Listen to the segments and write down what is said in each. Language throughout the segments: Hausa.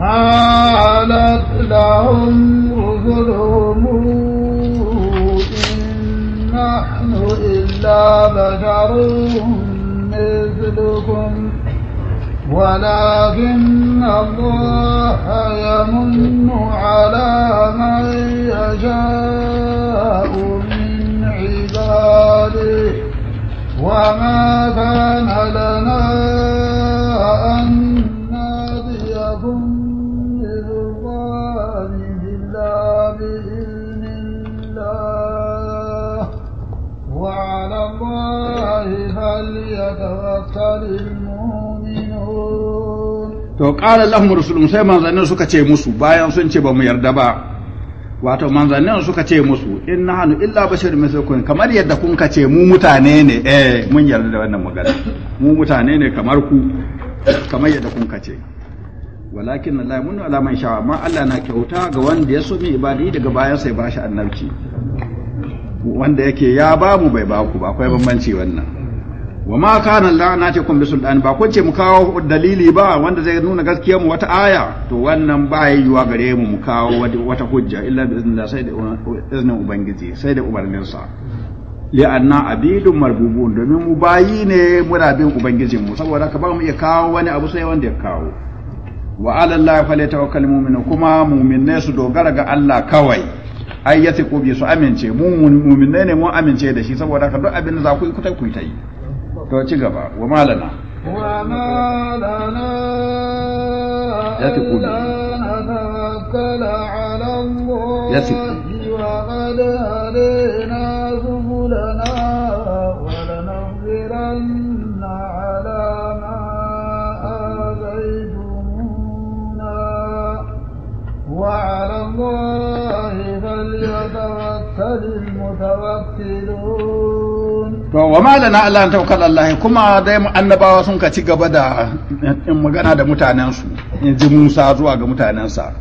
حالت لهم رسلهم إن نحن إلا بشر مثلكم ولكن الله يمن على من يشاء من عباده وما كان لنا to ƙara lahun rasulun sai manzannin suka ce musu bayan sun ce ba mu yarda ba wato manzannin suka ce musu in na hannu illa bashar mithlukum kamar yadda kun ka ce mu mutane ne eh mun yarda da wannan magana mu mutane ne kamar ku kamar yadda kun ka ce walakin na mun ala man sha amma Allah na kyauta ga wanda ya so mai ibadi daga bayan sai ba shi annabci wanda yake ya ba mu bai ba ku ba akwai bambanci wannan wa ma kana la'natukum bisultan ba kun mu kawo dalili ba wanda zai nuna gaskiyar mu wata aya to wannan ba yiwa gare mu mu kawo wata hujja illa bi iznillah sai da iznin ubangiji sai da umarnin sa li'anna abidun marbubun domin mu bayi ne muna bin ubangijin mu saboda ka ba mu iya kawo wani abu sai wanda ya kawo wa ala allahi falyatawakkal mu'minu kuma mu'minne su dogara ga Allah kawai ai yati bi su amince mu mu'minne ne mu amince da shi saboda ka duk abin da za ku yi ku ta yi to ci gaba wa malana wa malana ya ta kudu ya ta وعلى الله فليتوكل المتوكلون wa ma na Allah ta Allah kuma dai annabawa sun ka ci gaba da eh, magana da mutanensu in ji Musa zuwa ga mutanensa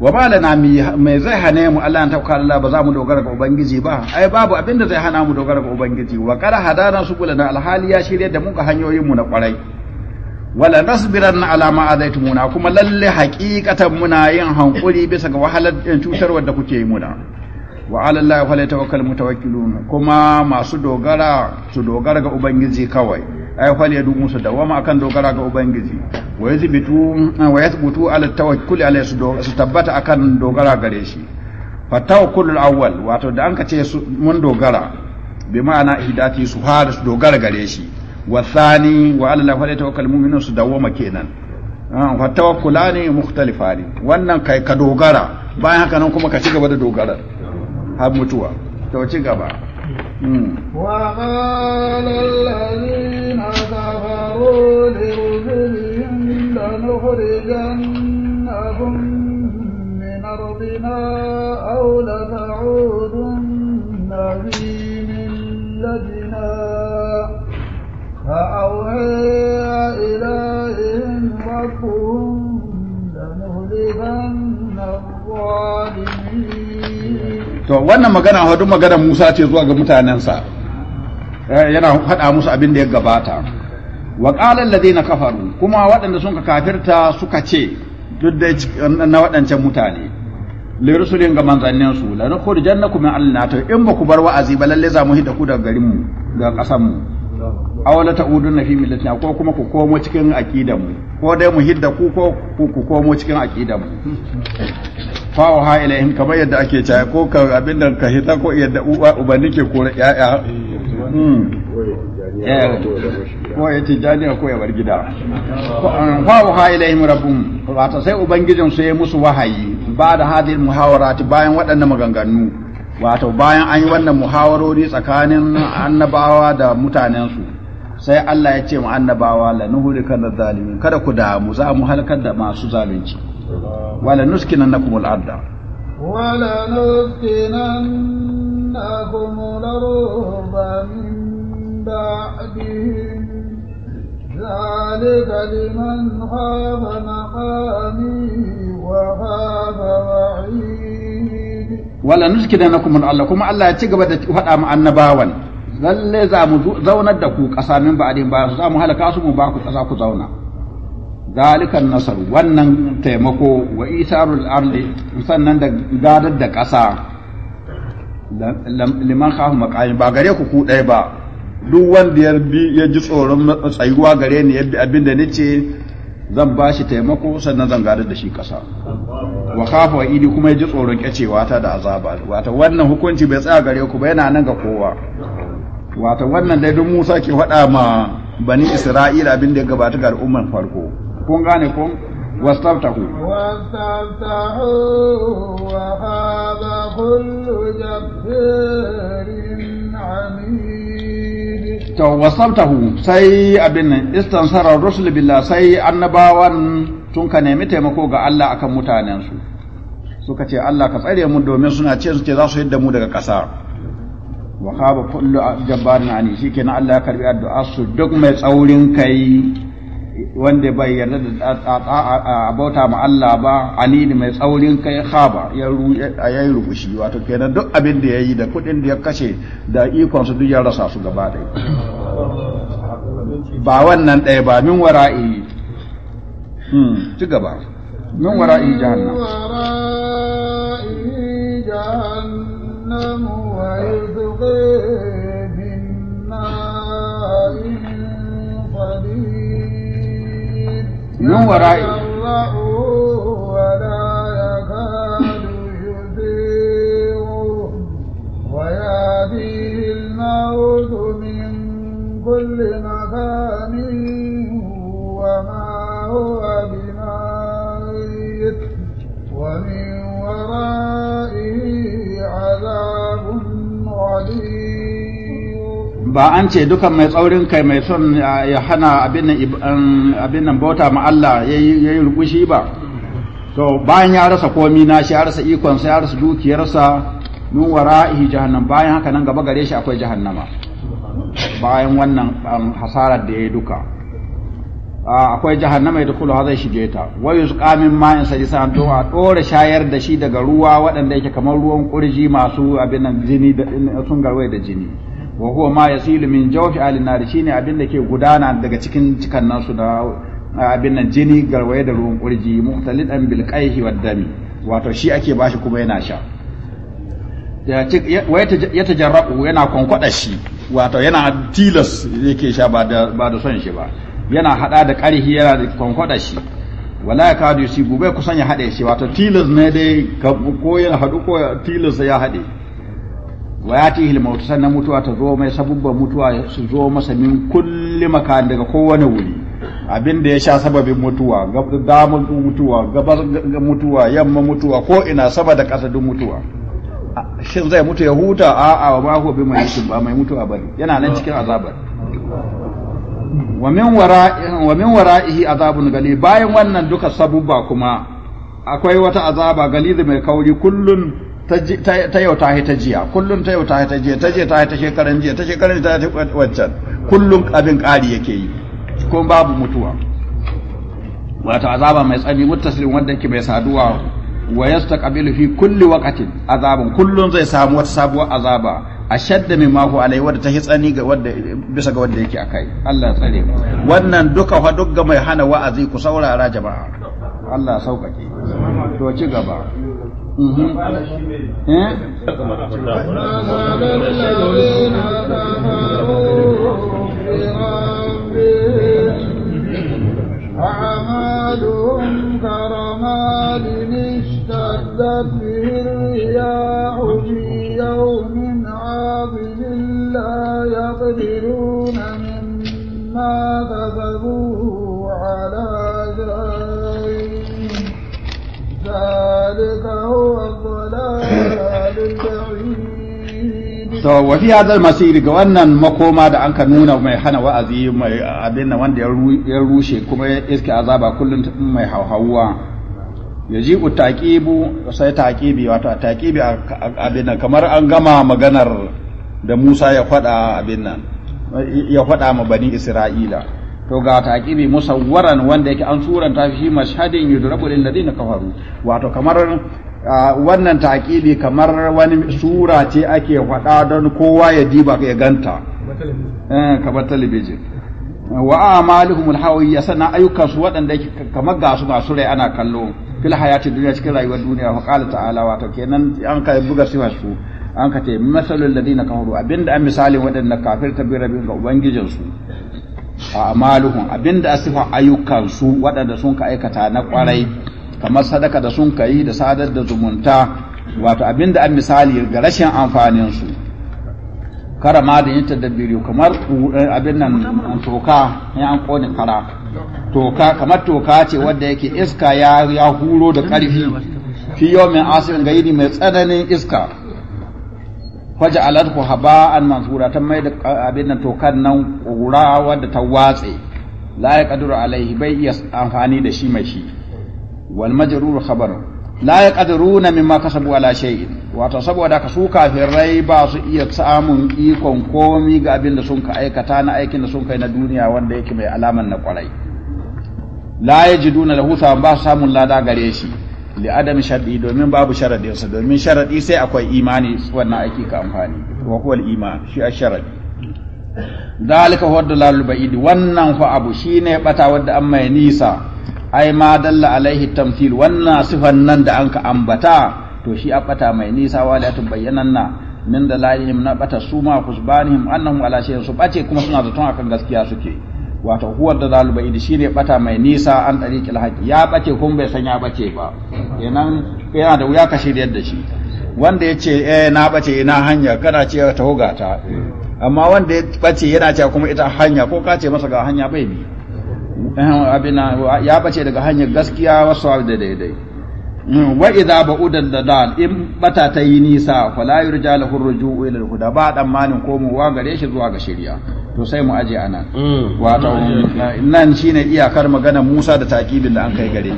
wa ma na mai zai hane mu Allah ta Allah ba za mu dogara ga ubangiji ba ai babu abin da zai hana mu dogara ga ubangiji wa su hadana na alhali ya shirya da mu ga hanyoyin mu na kwarai wala nasbiran ala ma azaitumuna kuma lalle haqiqatan muna yin hankuri bisa ga wahalar eh, cutarwar da kuke yi muna wa ala Allah falyatawakkal mutawakkilun kuma masu dogara su dogara ga ubangiji kawai ai ya falyadu musu dawama akan dogara ga ubangiji wa yazbitu wa yathbutu ala tawakkul alai su tabbata akan dogara gare shi fa tawakkulul awwal wato da an kace mun dogara bi ma'ana hidati su har su dogara gare shi wa thani wa ala Allah falyatawakkal mu'minun su dawama kenan ah, fa tawakkulani mukhtalifani wannan kai ka dogara bayan haka nan kuma ka ci gaba da dogarar har mutuwa to ci gaba hmm. wa qala allazina kafaru li rusulihim Ka min ardina aw lata'udunna fi millatina فأوحي إليهم ربهم لنهلكن الظالمين to wannan magana hudu magana Musa ce zuwa ga mutanensa eh, yana hada musu abin da ya gabata wa qala ladina kafaru kuma waɗanda sun ka kafirta suka ce duk da na waɗancan mutane li rusulin ga manzannin su la jannakum min alnata in ba ku bar wa'azi ba lalle za mu hidda ku daga garin mu daga ƙasar mu awala ta'udun fi millatina ko kuma ku komo cikin aqidan mu ko dai mu hidda ku ko ku komo cikin aqidan mu fawo ha ilaihim kamar yadda ake caya ko ka abin da ka hita ko yadda uba ubanni ke kore ya'ya hmm. ko ya ce janiya ko ya bar gida fawo ha ilaihim rabbum wato sai ubangijin su ya musu wahayi ba da hadin muhawarati bayan waɗannan maganganu wato bayan an yi wannan muhawarori tsakanin annabawa da mutanensu sai Allah ya ce mu annabawa la nuhulika zalimin kada ku damu za mu halakar da masu zalunci wala nuskinannakum al-ardh wala nuskinannakum al-ardh min ba'dihim ذلك لمن خاف مقامي وخاف وعيد ولا نسكننكم lalle za mu zaunar da ku ƙasa min ba su, za mu halaka su mu ba ku ƙasa ku zauna zalikan nasar wannan taimako wa isarul ardi sannan da gadar da ƙasa liman kahu maƙayin ba gare ku ku ba duk wanda ya bi ya ji tsoron tsayuwa gare ni ya bi abin da nace zan ba shi taimako sannan zan gadar da shi ƙasa wa kafa wa idi kuma ya ji tsoron kyacewa ta da azaba wato wannan hukunci bai tsaya gare ku ba yana nan ga kowa wato wannan dai duk Musa ke faɗa ma bani Isra'ila abin da ya gabata ga al'ummar farko kun gane kun واستفتحوا واستفتحوا وخاب كل جبار عنيد تو واستفتحوا سي ابن استنصر الرسل billah sai annabawan tun ka nemi taimako ga Allah akan mutanensu suka ce Allah ka tsare mu domin suna ce su ce za su yadda mu daga ƙasa wa haba kullu jabbarin ani shikenan Allah ya karbi addu'a su duk mai tsaurin kai wanda bai yarda da a ma Allah ba anini mai tsaurin kai khaba ya yi rubushi wato kenan duk abin da ya yi da kuɗin da ya kashe da ikon su duk ya rasa su gaba dai ba wannan ɗaya ba min wara'i hmm, ci gaba min wara'i jahannam wara'i jahannam wa يتبرع ba an ce dukan mai tsaurin kai mai son ya hana abin nan bauta ma Allah ya yi rukushi ba to bayan ya rasa komi na shi ya rasa ikon sai ya rasa dukiyarsa min wara'ihi jahannam bayan haka nan gaba gare shi akwai jahannama bayan wannan hasarar da ya yi duka akwai jahannama da kula zai shige ta wa yusqa min ma'in sajisa to a dore shayar da shi daga ruwa waɗanda yake kamar ruwan kurji masu abin nan jini sun garwaye da jini wa huwa ma yasilu min jawfi alin nar shine abin da ke gudana daga cikin cikan nasu da abin nan jini garwaye da ruwan kurji muhtalidan bil qaihi wad dami wato shi ake bashi kuma yana sha ya ta jarrabu yana kwankwada shi wato yana tilas yake sha ba da son shi ba yana hada da karhi yana da kwankwada shi wala ya da shi gobe kusan ya hade shi wato tilas ne dai ko yana hadu ko tilas ya hade wa ya tihil mautu sannan mutuwa ta zo mai sabubban mutuwa su zo masa min kulli makan daga kowane wuri abin da ya sha sababin mutuwa damar mutuwa gabar mutuwa yamma mutuwa ko ina saba da ƙasa duk mutuwa shin zai mutu ya huta a'a wa ma huwa bi mai ba mai mutuwa bane yana nan cikin azabar wa min wara'ihi wa min wara'ihi azabun gali bayan wannan duka sabubba kuma akwai wata azaba gali mai kauri kullun ta yau ta ta jiya kullum ta yau ta ta jiya ta je ta ta shekaran jiya ta shekaran ta ta wancan kullum abin ƙari yake yi ko babu mutuwa wato azaba mai tsani muttasilin wanda yake bai saduwa wa yastaqbilu fi kulli waqtin azaban kullum zai samu wata sabuwar azaba ashadda mimma hu alai wanda ta tsani ga wanda bisa ga wanda yake akai Allah tsare wannan duka fa duka ga mai hana wa'azi ku saurara jama'a Allah sauƙaƙe to ci gaba آمن الذين كفروا بربهم أعمالهم كرماد اشتدت به الرياح ذلك هو الضلال البعيد so wafi ga wannan makoma da an ka nuna mai hana wa'azi mai abin wanda ya rushe kuma ya iske azaba kullum mai hauhawa ku taƙibu sai taƙibi wato taƙibi abin nan kamar an gama maganar da Musa ya faɗa abin nan ya faɗa ma bani Isra'ila to ga taqibi musawwaran wanda yake an suranta shi mashhadin yudrabu lil ladina kafaru wato kamar wannan taqibi kamar wani sura ce ake faɗa don kowa ya diba ya ganta eh, kamar talibijin wa amalihum alhawiyya sana ayyukan su waɗanda yake kamar ga su masu rai ana kallo fil hayati duniya cikin rayuwar duniya fa qala ta'ala wato kenan an ka buga sifar su an ka ce masalul ladina kafaru abinda an misalin waɗanda kafir ta bi ga ubangijin su a abinda abinda asifan ayyukansu waɗanda sun ka aikata na ƙwarai kamar sadaka da sun kai da sadar da zumunta wato abinda an misali ga rashin amfaninsu karama da yin tadabbiri kamar eh, abin nan toka ya an ƙone fara toka kamar toka ce wadda yake iska ya huro da ƙarfi fi yau mai asirin gaidi mai tsananin iska waje ku haba an mansura ta mai da abin nan tokan nan ƙura wadda ta watse la ya kaduru alaihi bai iya amfani da shi mai shi wal majrur khabar la ya kaduru na mimma kasabu ala shay'in wato saboda ka su kafirai ba su iya samun ikon komi ga abin da sun ka aikata na aikin da sun kai na duniya wanda yake mai alaman na kwarai la yajiduna lahu ba samun lada gare shi li adam shar'i domin babu sharadin sa domin sharadi sai akwai imani wannan ake ka amfani wa huwa iman shi sharadi dalika huwa dalalul wannan fa abu shine bata wadda an mai nisa ai ma dalla alaihi tamthil wannan sifan nan da an ka ambata to shi abata mai nisa waliatun na, min dalalihim na bata suma kusbanihim annahum ala shay'in su bace kuma suna zaton akan gaskiya suke wato huwa da zaluba idi shine bata mai nisa an tariqil haqi ya bace kun bai san ya bace ba kenan yana da wuya ka shirya da shi wanda ya ce eh na bace ina hanya kana ce ta huga ta amma wanda ya bace yana cewa kuma ita hanya ko ka ce masa ga hanya bai bi abina ya bace daga hanyar gaskiya wasu da daidai Mm, wa idza ba'udan dadal in bata ta yi nisa fala yurja lahu ruju'u ila al-huda ba dan mu wa gare shi zuwa ga shari'a to sai mu aje anan mm. wato nan shine iyakar magana Musa da takibin da an kai gare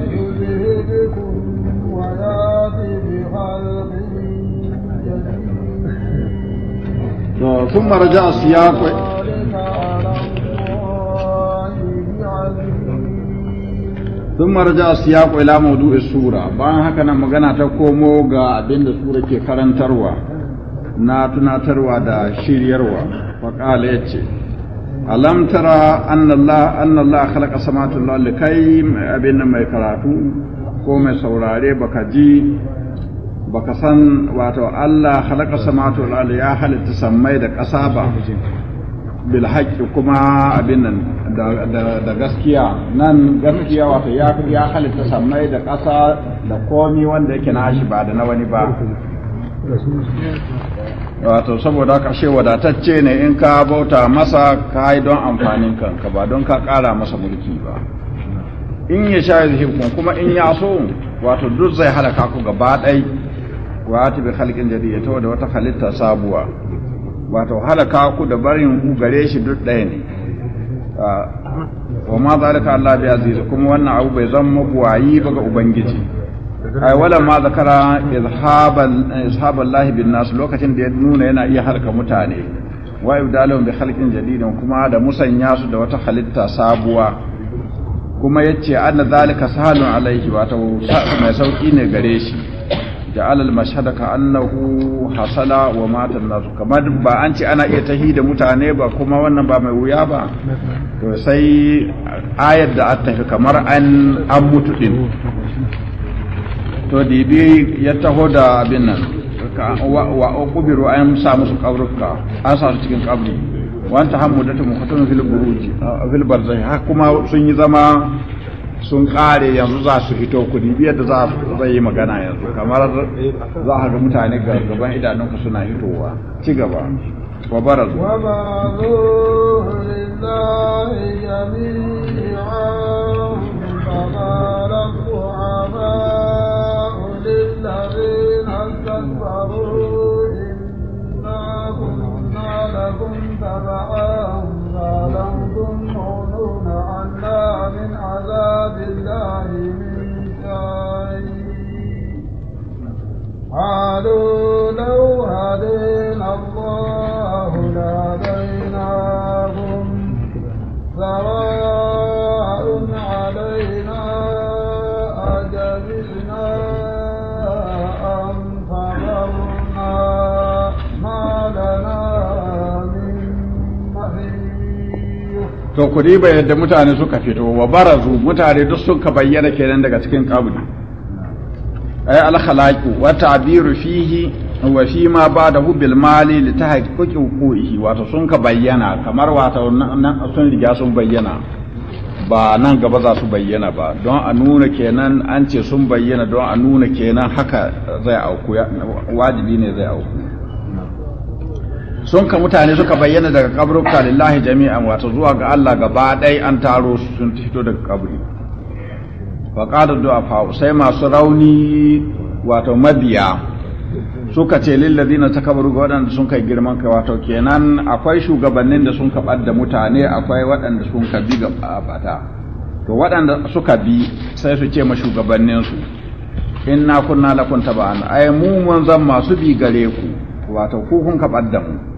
ni خلق جديد ثم رجع السياق ثم رجع السياق الى موضوع السوره bayan haka na magana ta komo ga abinda da sura ke karantarwa na tunatarwa da shiryarwa faqala yace alam tara anna allah anna allah khalaqa samawati wal abin mai karatu ko mai saurare baka ji baka san wato Allah khalaqa samatu wal ardi ya halitta sammai da ƙasa ba bil haqqi kuma abin nan da gaskiya nan gaskiya wato ya ya halitta sammai da ƙasa da komi wanda yake na shi ba da na wani ba wato saboda ka she wadatacce ne in ka bauta masa ka yi don amfanin kanka ba don ka ƙara masa mulki ba in ya sha yuzhibkum kuma in ya so wato duk zai halaka ku gaba ɗaya wa ati bi khalqin jadid ya da wata halitta sabuwa wato halaka ku da barin ku gare shi duk ɗaya ne ah, wa ma zalika Allah bi aziz kuma wannan abu bai zan muku wayi ba ga ubangiji ai wala ma zakara izhaban izhaban allah bin nas lokacin da ya nuna yana iya halka mutane wa ibdalum bi khalqin jadid kuma da musanya su da wata halitta sabuwa kuma yace anna zalika sahalun alaihi wato mai sauki ne gare shi ja'al al-mashhada ka'annahu hasala wa mata an-nas kamar ba an ce ana iya tahida mutane ba kuma wannan ba mai wuya ba to sai ayar da an tafi kamar an an mutu din to dibi ya taho da abin nan wa uqbiru an sa musu kaburka an sa su cikin kabri wanta hammudatu muqatun fil buruji fil kuma sun yi zama sun kare yanzu za su fito kuɗi biyar da za su yi magana yanzu kamar za a ga mutane gaban idanunku suna hitowa ci gaba wa bara لكم تبعا فلم من عذاب الله من شيء قالوا لو هدينا الله لهديناهم سواء علينا أجزنا أم صبرنا ما لنا to ku riba yadda mutane suka fito wa barazu mutane duk suka bayyana kenan daga cikin kabuli ay al khalaqu wa ta'biru fihi wa fi ma ba'dahu bil mali li tahqiqi huquqihi wato sun ka bayyana kamar wato nan sun riga sun bayyana ba nan gaba za su bayyana ba don a nuna kenan an ce sun bayyana don a nuna kenan haka zai auku wajibi ne zai auku sun ka mutane suka bayyana daga kaburuka lillahi jami'an wato zuwa ga Allah gaba ɗai an taro sun fito daga kabri wa qala du'afa sai masu rauni wato mabiya suka ce lillazina takabaru ga waɗanda sun kai girman kai wato kenan akwai shugabannin da sun ka da mutane akwai waɗanda sun ka bi ga bata to waɗanda suka bi sai su ce ma shugabanninsu inna kunna lakunta taba'an ay mu mun zan masu bi gare ku wato ku kun ka da mu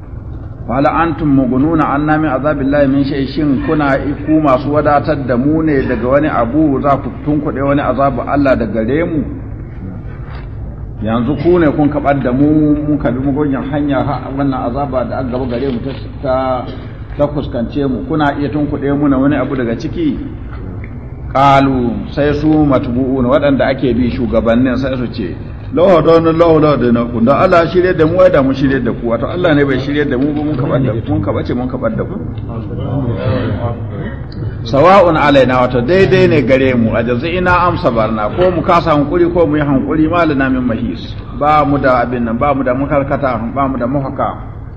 wala antum mugununa anna min azabillahi min shay shin kuna ku masu wadatar da mu ne daga wani abu za ku tunkuɗe wani azabu Allah da gare mu yanzu ku ne kun kabar da mu mun kabi gonyan hanya wannan azaba da an gaba gare mu ta ta fuskance mu kuna iya tunkuɗe mu na wani abu daga ciki qalu sai su matbu'un waɗanda ake bi shugabannin sai su ce lawa da wani lawa lawa da naku da Allah shirye da mu da mu shirye da ku wato Allah ne bai shirye da mu ba mun kabar da mun kaɓar ce mun kaɓar da ku sawa'un alaina wato daidai ne gare mu a ina amsa barna ko mu kasa hankuri ko mu yi hankuri malina min mahis ba mu da abin nan ba mu da makarkata ba mu da mahaka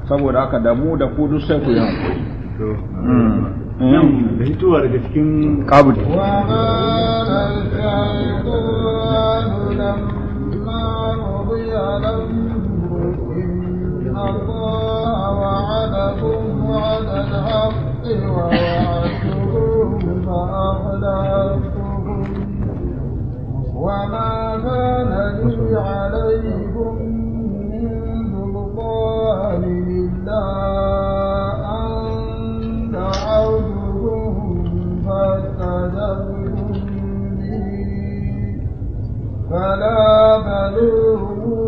saboda haka da mu da ku duk sai ku yi hankuri fitowa hmm. hmm. daga cikin kabul فلما قضي الأمر إن الله وعدكم وعد الحق ووعدتكم فأخلفتكم وما كان لي عليكم من سلطان الله فلا بلوغ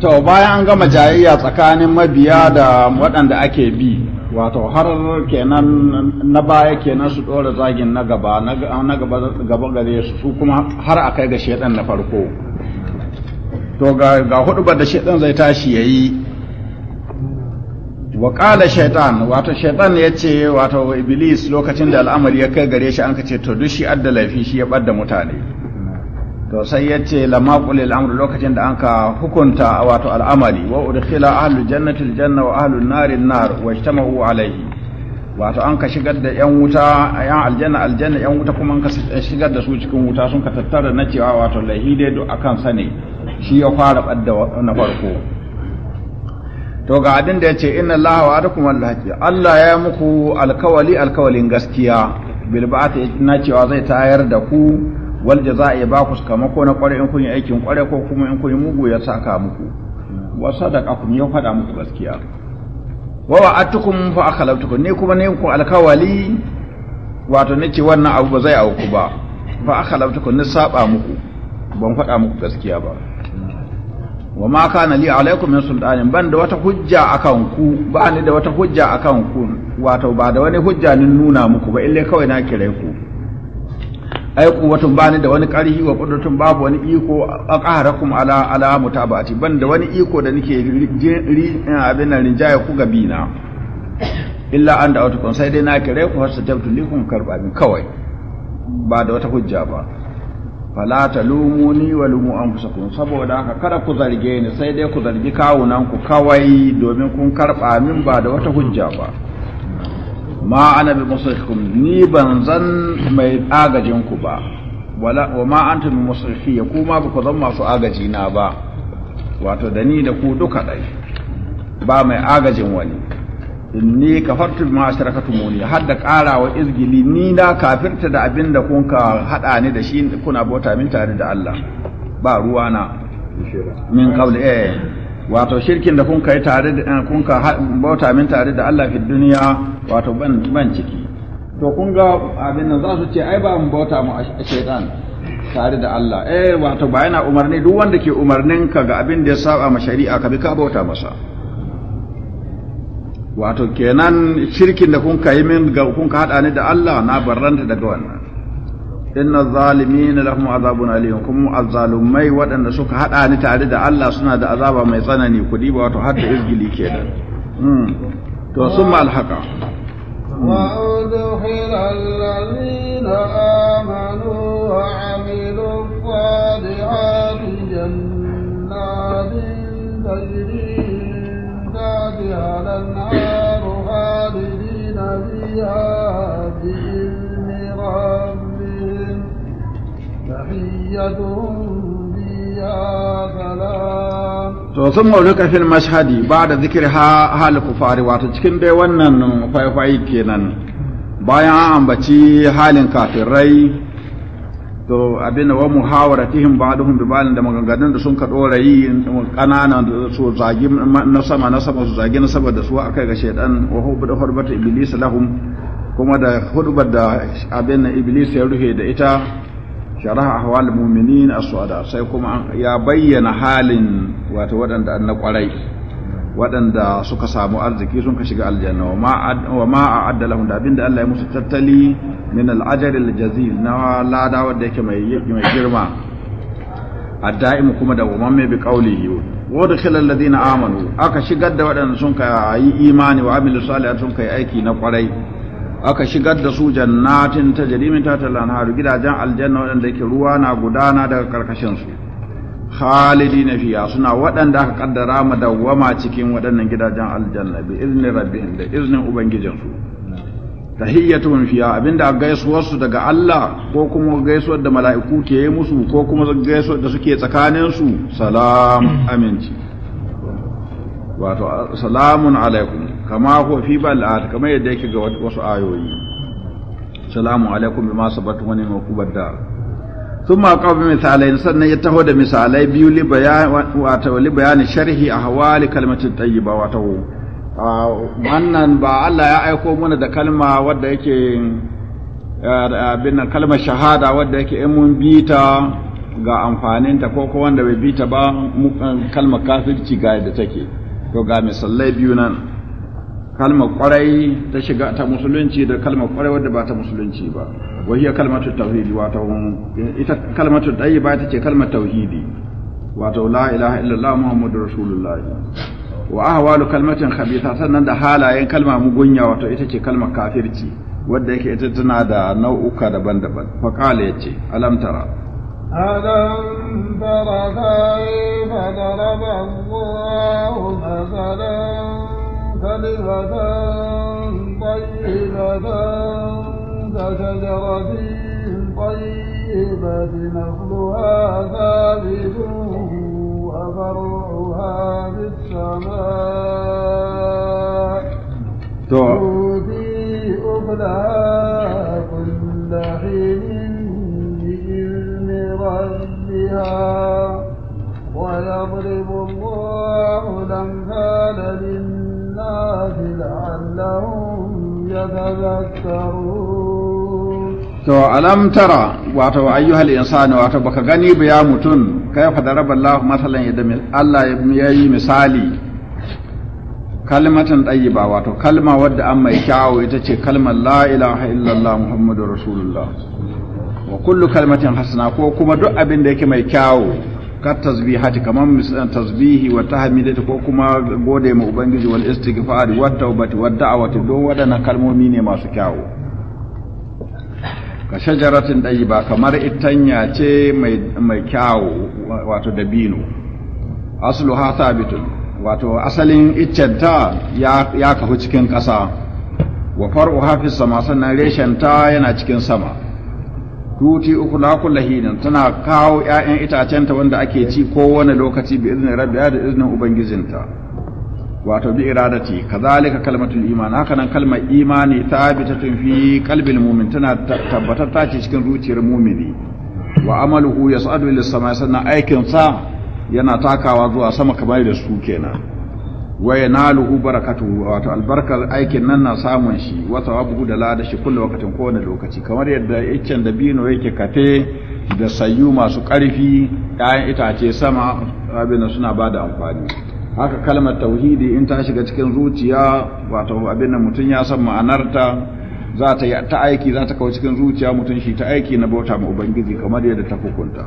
to bayan an gama jayayya tsakanin mabiya da waɗanda ake bi wato har kenan na baya kenan su ɗora zagin na gaba na gaba gaba gare su kuma har a kai ga shaidan na farko to ga ga hudubar da shaidan zai tashi yayi wa qala shaitan wato shaitan ya ce wato iblis lokacin da al'amari ya kai gare shi an ka ce to duk shi adda laifi shi ya ɓadda mutane to sai ya ce lamma qulil amru lokacin da anka hukunta wato al'amari wa udkhila ahlul jannati aljanna wa ahlun nari an-nar wa ijtama'u alayhi wato anka shigar da yan wuta yan aljanna aljanna yan wuta kuma anka shigar da su cikin wuta sun ka tattara na cewa wato lahi dai do akan sa ne shi ya fara badda na farko to ga abin da ya ce inna allaha wa adakum allahi allah ya muku alkawali alkawalin gaskiya bilba'ata na cewa zai tayar da ku wal jaza'a ya baku sakamako na kware in kun yi aikin kware ko kuma in kun yi mugu ya saka muku wa kun ya faɗa muku gaskiya wa wa'atukum fa akhalatukum ne kuma ne ku alkawali wato ne ce wannan abu ba zai auku ba fa akhalatukum ne saba muku ban faɗa muku gaskiya ba wa ma kana li alaikum min sultanin ban da wata hujja akan ku ba ni da wata hujja akan ku wato ba da wani hujja nin nuna muku ba illai kawai na kire ku ai kuwatun bani da wani karhi wa qudratun babu wani iko a aqaharakum ala ala mutabati ban da wani iko da nake eh, abin rinjaya ku na. illa an da autukun sai dai na kire ku har sajabtu likum karba min kawai ba da wata hujja ba fala talumuni wa lumu anfusakum saboda haka kada ku zarge ni sai dai ku zargi kawunan ku kawai domin kun karba min ba da wata hujja ba ma ana bi musrikhkum ni ban zan mai agajin ku ba wa ma an tuni musrikhi ya kuma ba ku zan masu agaji na ba wato da ni da ku duka dai ba mai agajin wani ma kafartu bima ashraktumuni har da karawa izgili ni na kafirta da abin kun ka haɗa ni da shi kuna bota min tare da Allah ba ruwana min eh wato shirkin da kun kai tare da eh, kun ka bauta min tare da Allah fi duniya wato ban ban ciki to kun ga abin nan za su ce ai ba mu bauta mu a shaytan tare da Allah eh wato ba yana umarni duk wanda ke umarnin ka ga abin da ya saba ma shari'a ka bi ka bauta masa wato kenan shirkin da kun kai min ga kun ka hada ni da Allah na barranta daga wannan inna zalimin lahum azabun alim kuma azzalumai waɗanda suka haɗa ni tare da Allah suna da azaba mai tsanani kudi ba wato har da izgili kenan hmm. to sun ma alhaka hmm. وأدخل الذين آمنوا وعملوا الصالحات جنات تجري من تحتها الأنهار خالدين فيها بإذن ربهم to sun mauluka fil mashhadi ba da zikir hal kufari wato cikin dai wannan faifai kenan bayan an ambaci halin kafirai to abin wa muhawaratihim ba bi bibalin da maganganun da sun ka dora yi kanana su zagi na sama na sama su zagi na sama da su akai ga shaidan wa hubu da hurbatu iblis lahum kuma da hudubar da abin iblis ya ruhe da ita sharaha ahwal mu'minin as-su'ada sai kuma ya bayyana halin wato waɗanda na kwarai waɗanda suka samu arziki sun ka shiga aljanna wa ma a'adda lahum da abinda Allah ya musu tattali min al-ajr al-jazil na lada wanda yake mai mai girma ad kuma da mai bi qawlihi wa dakhala alladhina amanu aka shigar da waɗanda sun ka yi imani wa amilu ka yi aiki na kwarai aka shigar da su jannatin ta jarimin ta haru gidajen aljanna waɗanda yake ruwa na gudana daga karkashin su khalidi na fiya suna waɗanda aka kaddara ma dawwama cikin waɗannan gidajen aljanna bi izni rabbihim da iznin ubangijinsu tahiyyatuhum fiya abinda gaisuwar su daga Allah ko kuma gaisuwar da mala'iku ke yi musu ko kuma gaisuwar da suke tsakanin su salam aminci wato salamun alaikum kama ko fi bal'at kama yadda yake ga wasu ayoyi salamu alaikum bima sabatu wani makubar da misalai biyu مثالين سنة يتهود مثالي بيو لبيان واتو لبيان شرح أحوال كلمة الطيبة واتو wannan ba Allah ya aiko mana da kalma wadda yake abin kalmar shahada wadda yake in mun bi ta ga amfaninta ko ko wanda bai bi ta ba kalmar kafirci ga da take to ga misalai biyu nan kalmar kwarai ta shiga ta musulunci da kalmar kwarai wadda ba ta musulunci ba wa hiya kalmatu tauhidi wato ita kalmar kalmatu ba ta ce kalmar tauhidi wato la ilaha illallah muhammadur rasulullah wa ahwalu kalmatin khabitha sannan da halayen kalma mugunya wato ita ce kalmar kafirci wadda yake ita tana da nau'uka daban-daban fa qala yace alam tara كلمة طيبة كشجرة طيبة نخلها ثابت وفرعها في السماء تؤتي أكلها كل حين بإذن ربها ويضرب الله to alam tara wato ayyuhal insani wato baka gani ba ya mutum kai fa daraba Allah masalan yadda Allah ya yi misali kalmatan tayyiba wato kalma wadda an mai kyawo ita ce kalmar la ilaha illallah muhammadur rasulullah wa kullu kalmatin hasana ko kuma duk abin da yake mai kyawo ka tasbihati kaman tasbihi wa tahmidati ko kuma gode ma ubangiji wal istighfar wa tawbati wa da'awati don wadana kalmomi ne masu kyawu ka shajaratin ba kamar itanya ce mai mai kyawu wato dabino ha thabitun wato asalin iccenta ya ya kafu cikin ƙasa wa faru fis sama sannan reshen ta yana cikin sama tuti uku la kullu hinin tana kawo 'ya'yan itacenta wanda ake ci kowane lokaci bi iznin rabbiya da izinin ubangijinta wato bi iradati kadhalika kalmatul iman haka nan kalmar imani thabitatun fi qalbil mu'min tana tabbatar ta ce cikin zuciyar mu'mini wa amaluhu yas'adu lis sama sannan aikin sa yana takawa zuwa sama kamar da su kenan na luhu barakatu wato albarkar aikin nan na samun shi wata wabu da lada shi kullu wakatin kowane lokaci kamar yadda iccen da bino yake kafe da sayu masu ƙarfi 'ya'yan itace sama abin suna ba da amfani haka kalmar tauhidi in ta shiga cikin zuciya wato abin mutum ya san ma'anarta za ta ta aiki za ta kawo cikin zuciya mutum shi ta aiki na bauta ma ubangiji kamar yadda ta hukunta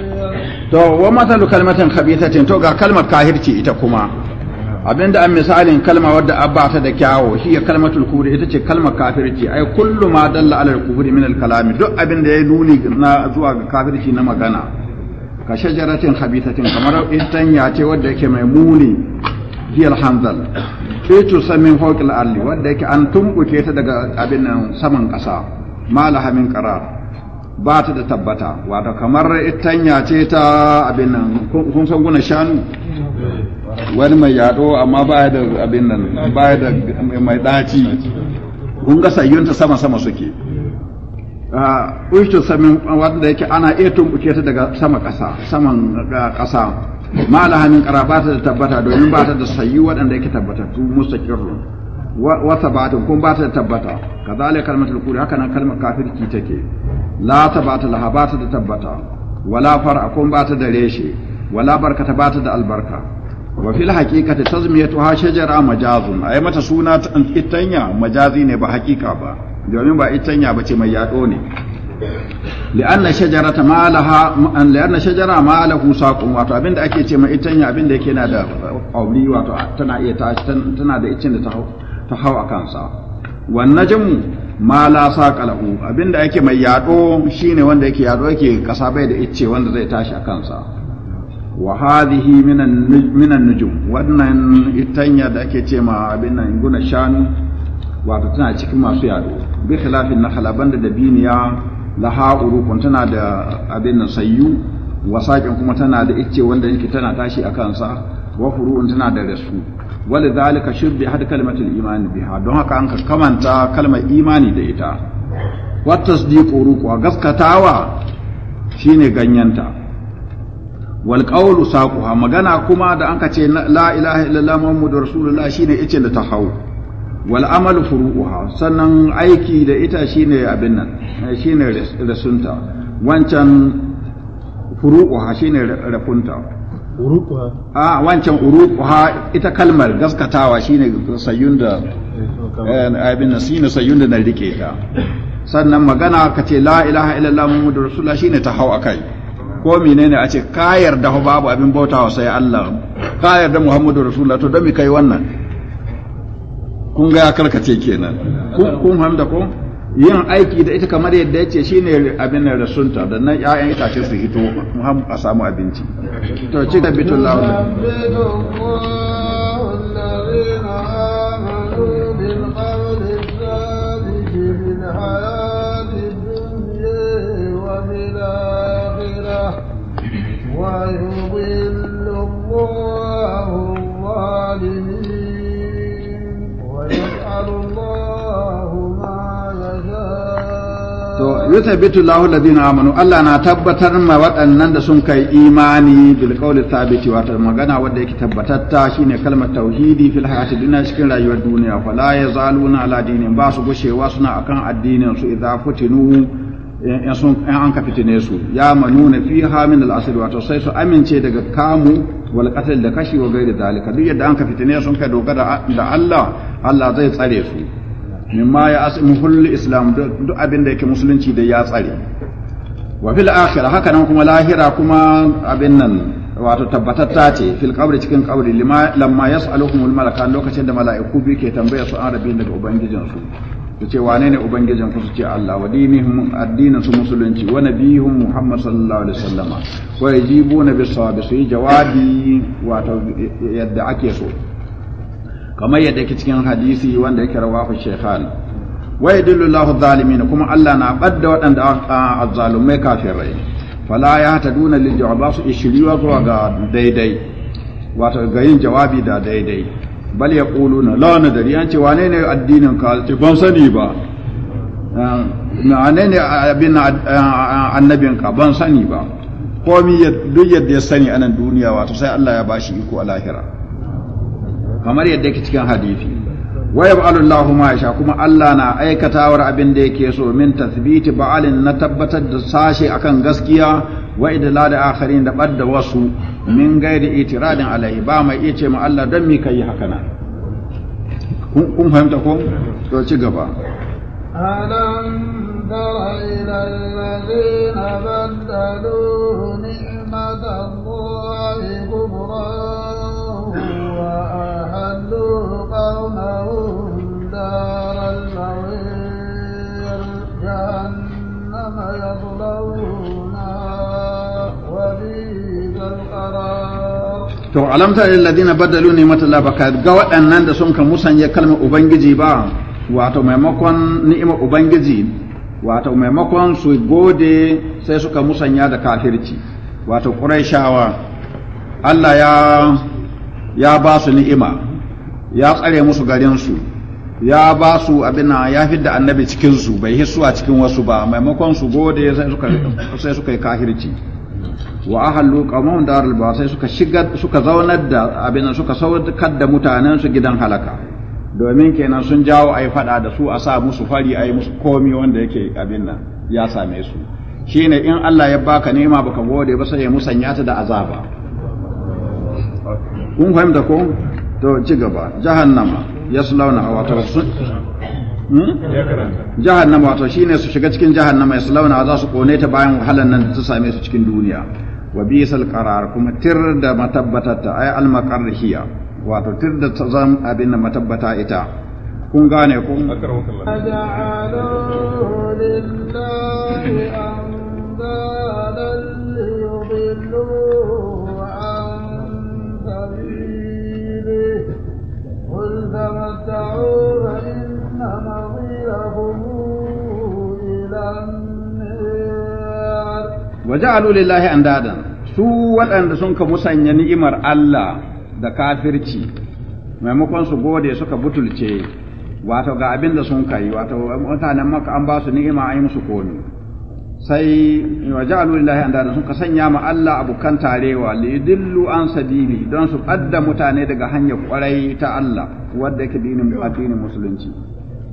to wa masalu kalmatin khabithatin to ga kalmar kahirci ita kuma abinda an misalin kalma wadda abba ta da kyawo shi ya kalmatul kuri ita ce kalmar kafirci ai kullu ma dalla ala al min al-kalam duk abinda ya nuni na zuwa ga kafirci na magana ka shajaratin khabithatin kamar itanya ce wadda yake mai muni hiya al-hanzal fitu samin fawqil alli wadda yake an tumbuke ta daga abin nan saman kasa malaha min qarar ba ta da tabbata wato kamar itanya ce ta abin nan kun san guna shanu wani mai yado amma ba ya da abin nan ba ya da mai daci kun ga sayyunta sama sama suke ah, ushtu samin wanda yake ana iya tumbuke ta daga sama kasa saman kasa ah, ma lahamin karabata da tabbata domin ba ta da sayyu wadanda yake tabbata tu mustaqirrun Wata bata, kun ba ta tabbata kazalika kalmatul kufri haka nan kalmar kafirci take la bata laha ba ta da tabbata wala far'a kun ba ta da reshe wala barka ta bata da albarka wa fil haqiqati ha shajara majazun ay mata suna itanya majazi ne ba haqiqa ba domin ba itanya ba ce mai yado ne li'anna shajarata ma laha an li'anna shajara ma lahu wato abinda ake ce mai itanya abinda yake na da auri wato tana iya tana da icin da ta hau ta hau a kansa wannan jin ma la saqalahu abinda yake mai yaɗo shine wanda yake yado yake kasa bai da icce wanda zai tashi a kansa wa hadhihi minan minan nujum wannan itanya da ake ce ma abin nan guna shanu wato tana cikin masu yado bi khilafin nakhla banda da biniya laha urukun tana da abin nan sayyu wasaƙin kuma tana da icce wanda yake tana tashi a kansa wa furu'un tana da rasu wali zalika shubbi had kalmatul imani biha don haka an kamanta kalmar imani da ita wa tasdiqu ruqwa gaskatawa shine ganyanta wal qawlu saquha magana kuma da an ka ce la ilaha illallah muhammadur rasulullah shine yace da ta hau wal amal furu'uha sannan aiki da ita shine abin nan shine rasunta wancan furu'uha shine rafunta a ah, wancan uruquha ita kalmar gaskatawa shine sayyun da eh, eh, abin na nasina sayyun da na rike ta sannan magana ka ce la ilaha illallah muhammadur rasulullah shine ta hau akai ko menene a ce ka yarda babu abin bautawa sai Allah ka yarda muhammadur rasulullah to don mi kai wannan kun ga karkace kenan kun hamda ko yin aiki da ita kamar yadda ya ce shi ne abin da rasunta da nan ‘ya'yan itace su hito a samu abinci. To, da to yuthabitu lahu alladhina amanu Allah na tabbatar ma waɗannan da sun kai imani bil qawli thabiti wato magana wanda yake tabbatatta shine kalmar tauhidi fil hayati dunya cikin rayuwar duniya fa la yazaluna ala dinin ba su gushewa suna akan addinin su idza futinu in sun an ka fitine su ya manuna fiha min al asr wato sai su amince daga kamu wal qatl da kashi wa gairi zalika duk yadda an ka fitine sun kai dogara da Allah Allah zai tsare su mimma ya asmuhul islam duk abin da yake musulunci da ya tsare wa fil akhirah haka nan kuma lahira kuma abin nan wato tabbatatta ce fil qabri cikin qabri lamma yas'aluhumul malaka lokacin da mala'iku bi ke tambaya su an rabin daga ubangijin su su ce wane ne ubangijin ku su ce Allah wa dinihum addinin su musulunci wa nabiyuhum Muhammad sallallahu alaihi wasallama wa yajibuna bis sawabi su yi jawabi wato yadda ake so kamar yadda yake cikin hadisi wanda yake rawahu shaykhan wa yadullu Allahu zalimin kuma Allah na badda waɗanda azzalumai kafirai fala ya taduna lil jawab su ishriwa zuwa ga daidai wato ga yin jawabi da daidai bal yaquluna la nadri an ce wane ne addinin ka ce ban sani ba wane ne abin annabin ka ban sani ba komi duk yadda ya sani anan duniya wato sai Allah ya bashi iko a lahira kamar yadda yake cikin hadisi wa yab'alu Allahu ma yasha kuma Allah na aikatawar abin da yake so min tathbiti ba'alin na tabbatar da sashe akan gaskiya wa idlal akharin da badda wasu min gairi itiradin alai ba mai iya ce ma Allah dan mi kai haka nan kun fahimta ko to ci gaba alam تر إلى الذين بدلوا نعمة الله كبرا يخلو قومهم دار الغير جهنم يصلونها وبئس to alamta lil ladina badalu ni'mat Allah baka ga waɗannan da sun ka musanye kalmar ubangiji ba wato maimakon ni'imar ubangiji wato maimakon su gode sai suka musanya da kafirci wato quraishawa Allah ya ya ba su ni'ima ya tsare musu garinsu ya ba su abin ya fi da annabi cikinsu bai hisu a cikin wasu ba maimakon su gode sai suka yi kahirci wa ahallu qawmun darul ba sai suka shigar suka zaunar da abin suka saukar da mutanen su gidan halaka domin kenan sun jawo ai fada da su a sa musu fari ai musu komi wanda yake abin nan ya same su shine in Allah ya baka nema baka gode ba sai ya musanya ta da azaba kun fahimta ko to ci gaba jahannama yaslawna wato sun hmm? jahannama wato shine su shiga cikin jahannama yaslawna za su kone ta bayan wahalan nan da ta same su cikin duniya wa bisal qarar kuma tir da matabbata matabbatata ay al maqarrihiya wato tir da zam abin da matabbata ita kun gane kun ajalu lillahi anda ja'alu lillahi andadan su waɗanda sun ka musanya ni'imar Allah da kafirci maimakon su gode suka butulce wato ga abin da sun kai wato mutanen maka an ba su ni'ima an yi musu komi sai ja'alu lillahi andadan sun ka sanya ma Allah abukan tarewa li yudillu an sabili don su fadda mutane daga hanyar kwarai ta Allah wanda yake dinin addinin musulunci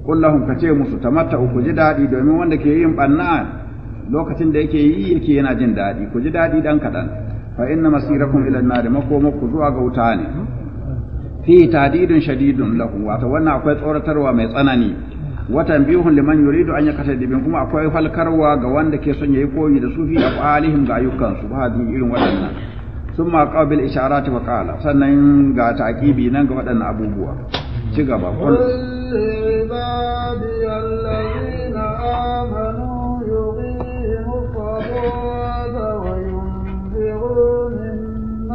kullahum kace musu tamatta ku ji dadi domin wanda ke yin banna lokacin da yake yi yake yana jin daɗi ku ji daɗi dan kaɗan fa inna masirakum ila an-nar ku zuwa ga wuta ne fi tadidun shadidun lahu wato wannan akwai tsoratarwa mai tsanani watan biyuhun liman yuridu an yakata dibin kuma akwai falkarwa ga wanda ke son yayi koyi da sufi da qalihim ga ayyukan su ba irin waɗannan sun ma qabil isharati wa qala sannan ga taqibi nan ga waɗannan abubuwa ci gaba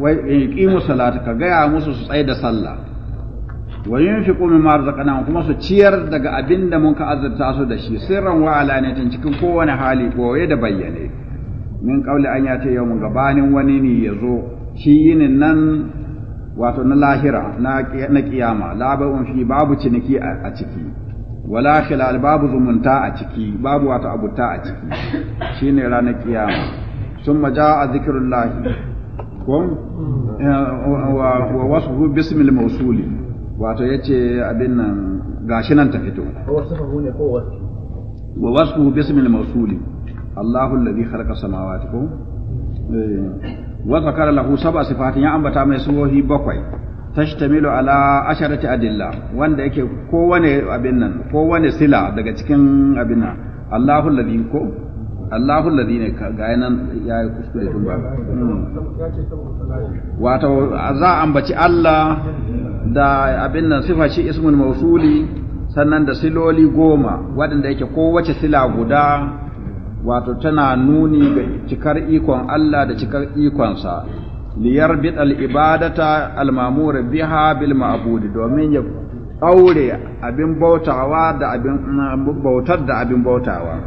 wai yuqimu salata ka gaya musu su tsaye da sallah wa yunfiqu mimma razaqnahum kuma su ciyar daga abinda mun ka azurta su da shi sirran wa alaniyatin cikin kowane hali ya da bayyane min kauli an ya ce yawmun gabanin wani ne ya shi yin nan wato na lahira na kiyama labarun fi babu ciniki a ciki wala khilal babu zumunta a ciki babu wato abuta a ciki shine ranar kiyama sun summa a zikrullahi ko eh, wa wasfu bismil mausuli, wato ce abin nan gashi nan ta fito wa wasfu bismil mausuli, Allahu alladhi khalaqa samawati ko eh, wa zakara lahu sab'a sifatin ya ambata mai suwohi bakwai tashtamilu ala asharati adilla wanda yake kowane abin nan kowane sila daga cikin abin nan Allahu alladhi ko Allahu alladhi ne ga nan ya yi kuskure tun ba hmm. wato za a ambaci Allah da abin nan sifa shi ismul mausuli sannan da siloli goma waɗanda yake kowace sila guda wato tana nuni ga cikar ikon Allah da cikar ikonsa liyar bidal ibadata almamura biha bil ma'budi domin ya aure abin bautawa da abin bautar da abin bautawa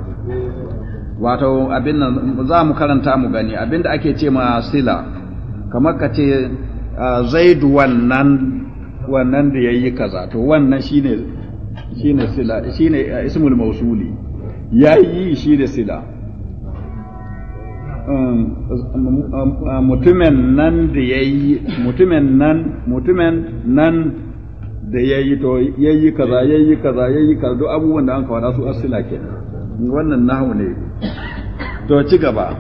wato abin nan za mu karanta mu gani abin da ake ce ma sila kamar ka ce zaidu wannan wannan da yayi kaza to wannan shine shine sila shine ismul mausuli yayi da sila um, um, mutumin nan da yayi mutumin nan mutumen nan da yayi to yayi kaza yayi kaza yayi kaza duk abubuwan da an kawada su asila kenan wannan nahu ne to ci gaba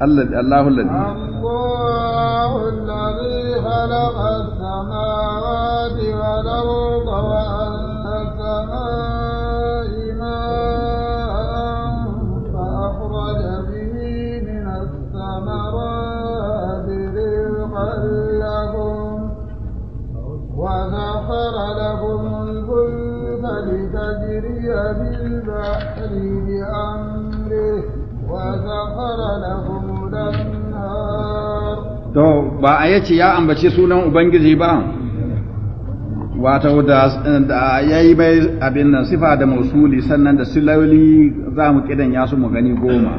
Allah Allahu ladhi Allahu ladhi khalaqa as-samawati wal wa To, ba a yace ya ambaci sunan Ubangiji ba, wato da ya yi mai abin nan sifa da mausuli sannan da siloli za mu kidan ya su mu gani goma.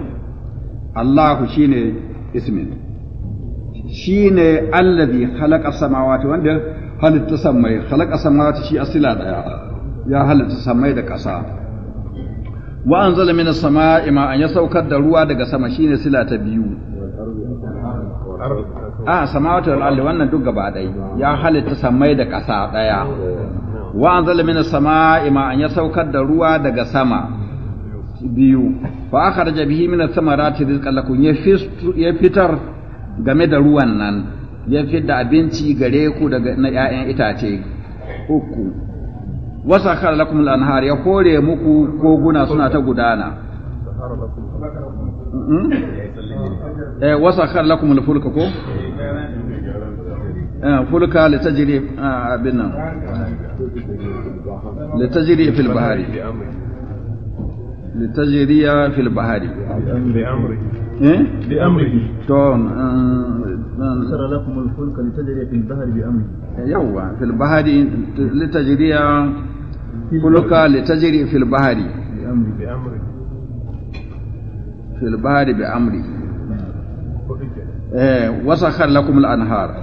Allahu shi ne ismin, shi ne allazi halaka samawati wanda halitta sammai, halaka samawati shi asila daya. ya halitta samai da ƙasa wa an zala mina sama'i ma an ya saukar da ruwa daga sama shine sila ta biyu a sama wata al'adu wannan duk gaba ɗai ya halitta samai da ƙasa ɗaya. wa an zala mina sama'i ma an ya saukar da ruwa daga sama biyu fa akhraja bihi sama samarati rizka lakun ya fitar game da ruwan nan ya fi da abinci gare ku daga na 'ya'yan itace uku wasakhara lakum al-anhar ya kore muku koguna suna ta gudana eh wasakhara lakum al-fulka ko eh fulka li tajri bin nan li tajri fil bahari li tajri fil bahari bi amri إيه؟ بأمره توم آه، آه، سر لكم الفلك لتجري في البحر بأمره يوا في البحر لتجري فلك لتجري في البحر بأمره بأمره في البحر بأمره إيه، وسخر لكم الأنهار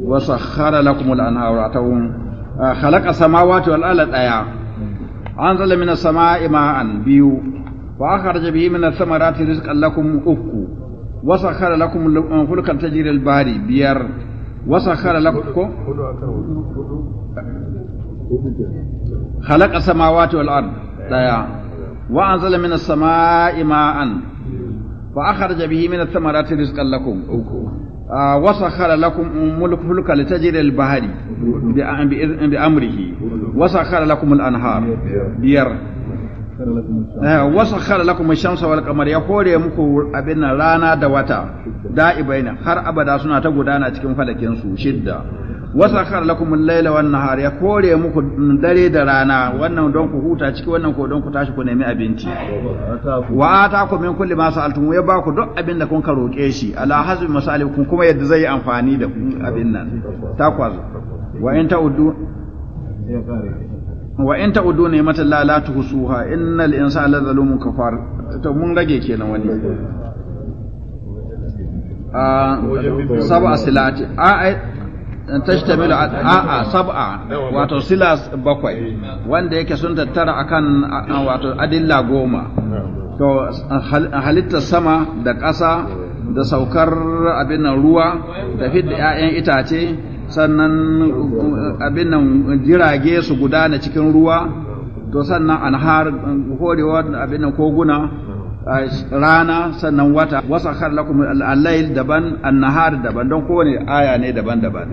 وسخر لكم الأنهار أتون آه، خلق السماوات والأرض أيا أنزل من السماء ماء بيو wa akhraj bihi min ath-thamarati rizqan lakum ukku wa sakhara lakum fulkan tajri al-bari biyar wa sakhara lakum خلق السماوات والأرض دايا وأنزل من السماء ماء فأخرج به من الثمرات رزقا لكم آه وسخر لكم ملك فلك لتجري البحر بأمره وسخر لكم الأنهار بير wasakhara lakum ash-shamsa eh, wal qamar ya hore muku abin rana da wata da'ibaina har abada suna ta gudana cikin falakin su shidda wasakhara lakum al-laila wan nahar ya hore muku dare da rana wannan don ku huta ciki wannan ko don ku tashi ku nemi abinci wa ataku min kulli ma sa'altum ya ba ku duk abin da kun ka roke shi ala hazbi masalikum kuma yadda zai amfani da abin nan takwazo wa in ta'uddu ya kare wa in udu ne mata la la tuhsuha innal insana la zalumun kafar to mun rage kenan wani a ah, sab'a silati a tashtamilu a a sab'a wato silas bakwai wanda yake sun tattara akan wato adilla goma to halitta sama da ƙasa da saukar abin ruwa da fidda 'ya'yan itace sannan abin nan jirage su gudana cikin ruwa to sannan har, horewa abin nan koguna rana sannan wata wasa har lakum al-layl daban an-nahar daban don kowane aya ne daban-daban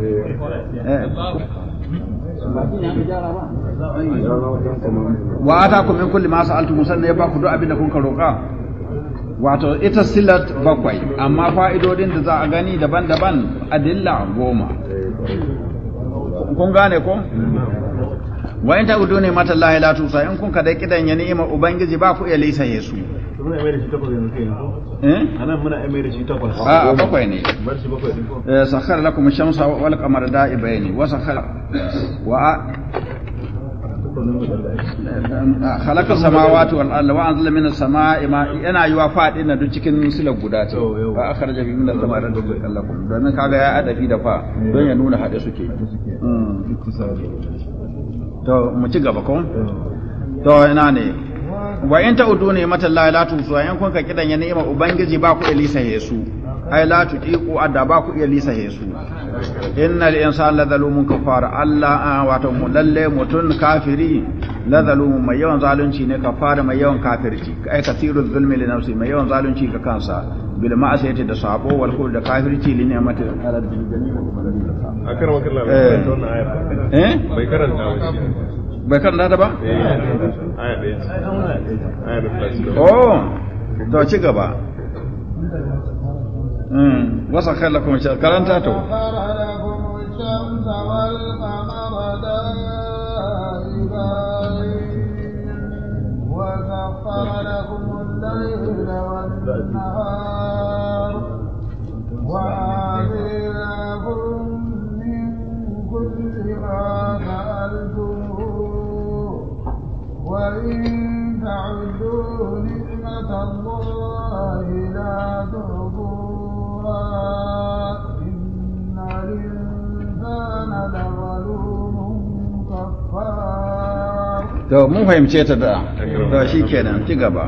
eh. wa atakum min kulli ma sa'altum sannan ya ba ku duk abin da kun ka roka wato ita silat bakwai amma fa'idodin da za a gani daban-daban adilla goma kun gane ko wa in gudu ne mata Allah la tusa in kun kada kidan ya ni'ima ubangiji ba ku iya lisa yesu anan muna amai da shi takwas eh? a bakwai ne bar shi bakwai din ko eh, sakhara lakum shamsa wal qamara da'ibaini wa sakhara wa خلق السماوات والارض وانزل من السماء ماء yana yiwa fadin na duk cikin silar guda ce fa akhraja bi min al-thamarat rizqan don kaga ya adafi da fa don ya nuna hade suke to mu ci gaba ko to ina ne wa in ta'udu ne mata la la tusu ayan kun ka kidan ya ni'ima ubangiji ba ku elisa yesu ai la tuqiqu adda ba ku iya lisa yesu. innal insana la zalumun kafar Allah wato mu lalle mutun kafiri la zalumun mai yawan zalunci ne kafara mai yawan kafirci ai kasiru zulmi li nafsi mai yawan zalunci ga kansa bil ma'asiyati da sabo wal da kafirci li ni'mati eh, eh? bai karanta bai eh, karanta da ba oh to ci gaba Mm. wasa kallakon karanta to to mun fahimce ta da to shi kenan ci gaba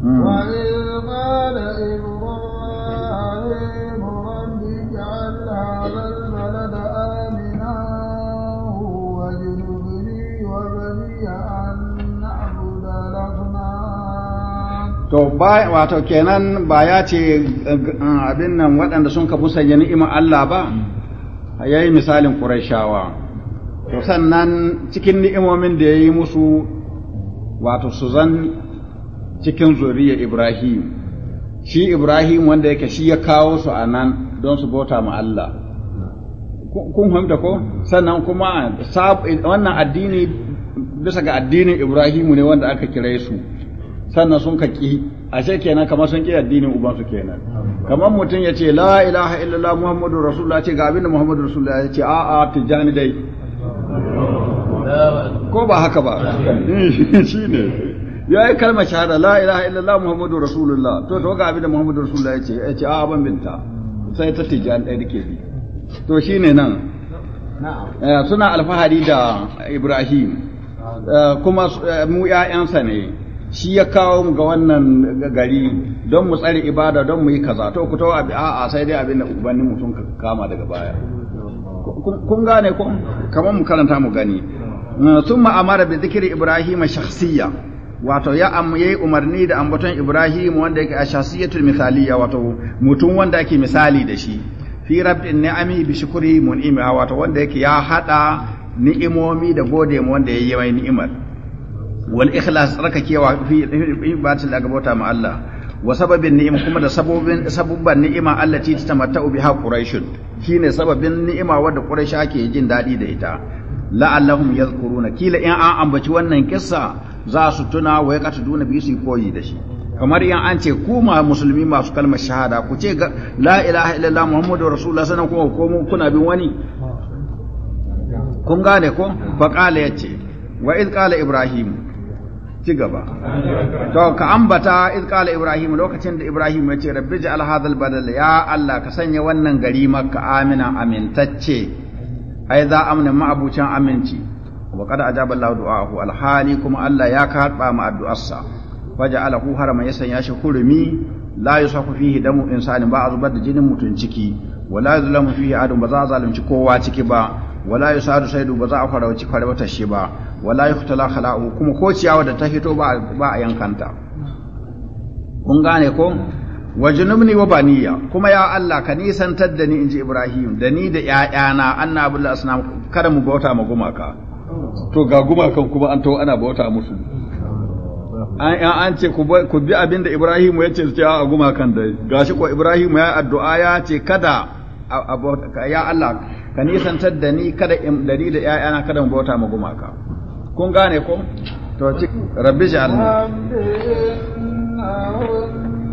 hmm. to ba wato kenan ba ya ce eh, eh, abin nan waɗanda sun ka musanya ni'imar Allah ba yayi misalin Qurayshawa to sannan cikin ni'imomin da ya yi musu wato su zan cikin zuriya Ibrahim shi Ibrahim wanda yake shi ya kawo su a nan don su bauta ma Allah kun fahimta ko sannan kuma wannan addini bisa ga addinin Ibrahimu ne wanda aka kira su sannan sun ka ƙi ashe kenan kamar sun ƙi addinin ubansu kenan kamar mutum ya ce la ilaha illallah muhammadu rasulullah ce ga abin da muhammadu rasulullah ya ce a'a tijani dai ko ba haka ba eh, shi ne ya yi kalmar shahada la ilaha illallah muhammadu rasulullah to to ga abin da muhammadu rasulullah ya ce ya ce a ban binta sai ta tijjani ɗaya da ke bi to shi ne nan eh, suna alfahari da ibrahim eh, kuma mu ‘ya'yansa ne shi ya kawo mu ga wannan gari don mu tsare ibada don mu yi kaza to ku tawo a sai dai abin da ubanni mutum kama daga baya kun gane ko kamar mu karanta mu gani thumma amara bi dhikri ibrahim shakhsiyya wato ya am yayi umarni da ambaton ibrahim wanda yake a shakhsiyatul misaliya wato mutum wanda yake misali da shi fi rabbin ni'ami bi shukri mun'ima wato wanda yake ya hada ni'imomi da gode mu wanda yayi mai ni'imar wal ikhlas tsarkakewa fi ibatil daga bauta ma Allah wa sababin ni'ima kuma da sabobin sabubban ni'ima allati tatamatta'u biha quraishun shine sababin ni'ima wanda quraish ke jin dadi da ita la'allahum yadhkuruna kila in an ambaci wannan kissa za su tuna wa duna biyu su koyi da shi kamar in an ce ku ma musulmi masu kalmar shahada ku ce la ilaha illallah muhammadu rasulullah sanan kuma ko kuna bin wani kun gane ko fa qala yace wa id qala ibrahim ci gaba to ka ambata id qala ibrahim lokacin da ibrahim ya ce rabbi ja'al hadha al ya allah ka sanya wannan gari makka amina amintacce ai za amna ma'abucin aminci wa qad ajaba Allah du'ahu alhali kuma Allah ya karba mu addu'arsa faja'alahu harama ya sanya shi hurumi la yusafu fihi damu insani ba a zubar da jinin mutun ciki wala yuzlamu fihi adun ba za a zalunci kowa ciki ba wala yusadu saidu ba za a farauci farautar shi ba wala yuhtala khala'u kuma ko ciyawa da ta hito ba ba a yankanta kun gane ko wajnubni wa baniya kuma ya Allah ka nisantar da ni inji Ibrahim da ni da ƴaƴana anna bula asnam kada mu bauta ma gumaka to ga gumakan kuma an to ana bauta musu an an ce ku bi abin da Ibrahim ya ce su ce a gumakan dai gashi ko Ibrahim ya addu'a ya ce kada ya Allah ka nisantar da ni kada da ni da ƴaƴana kada mu bauta ma gumaka kun gane ko to rabbi ja'alna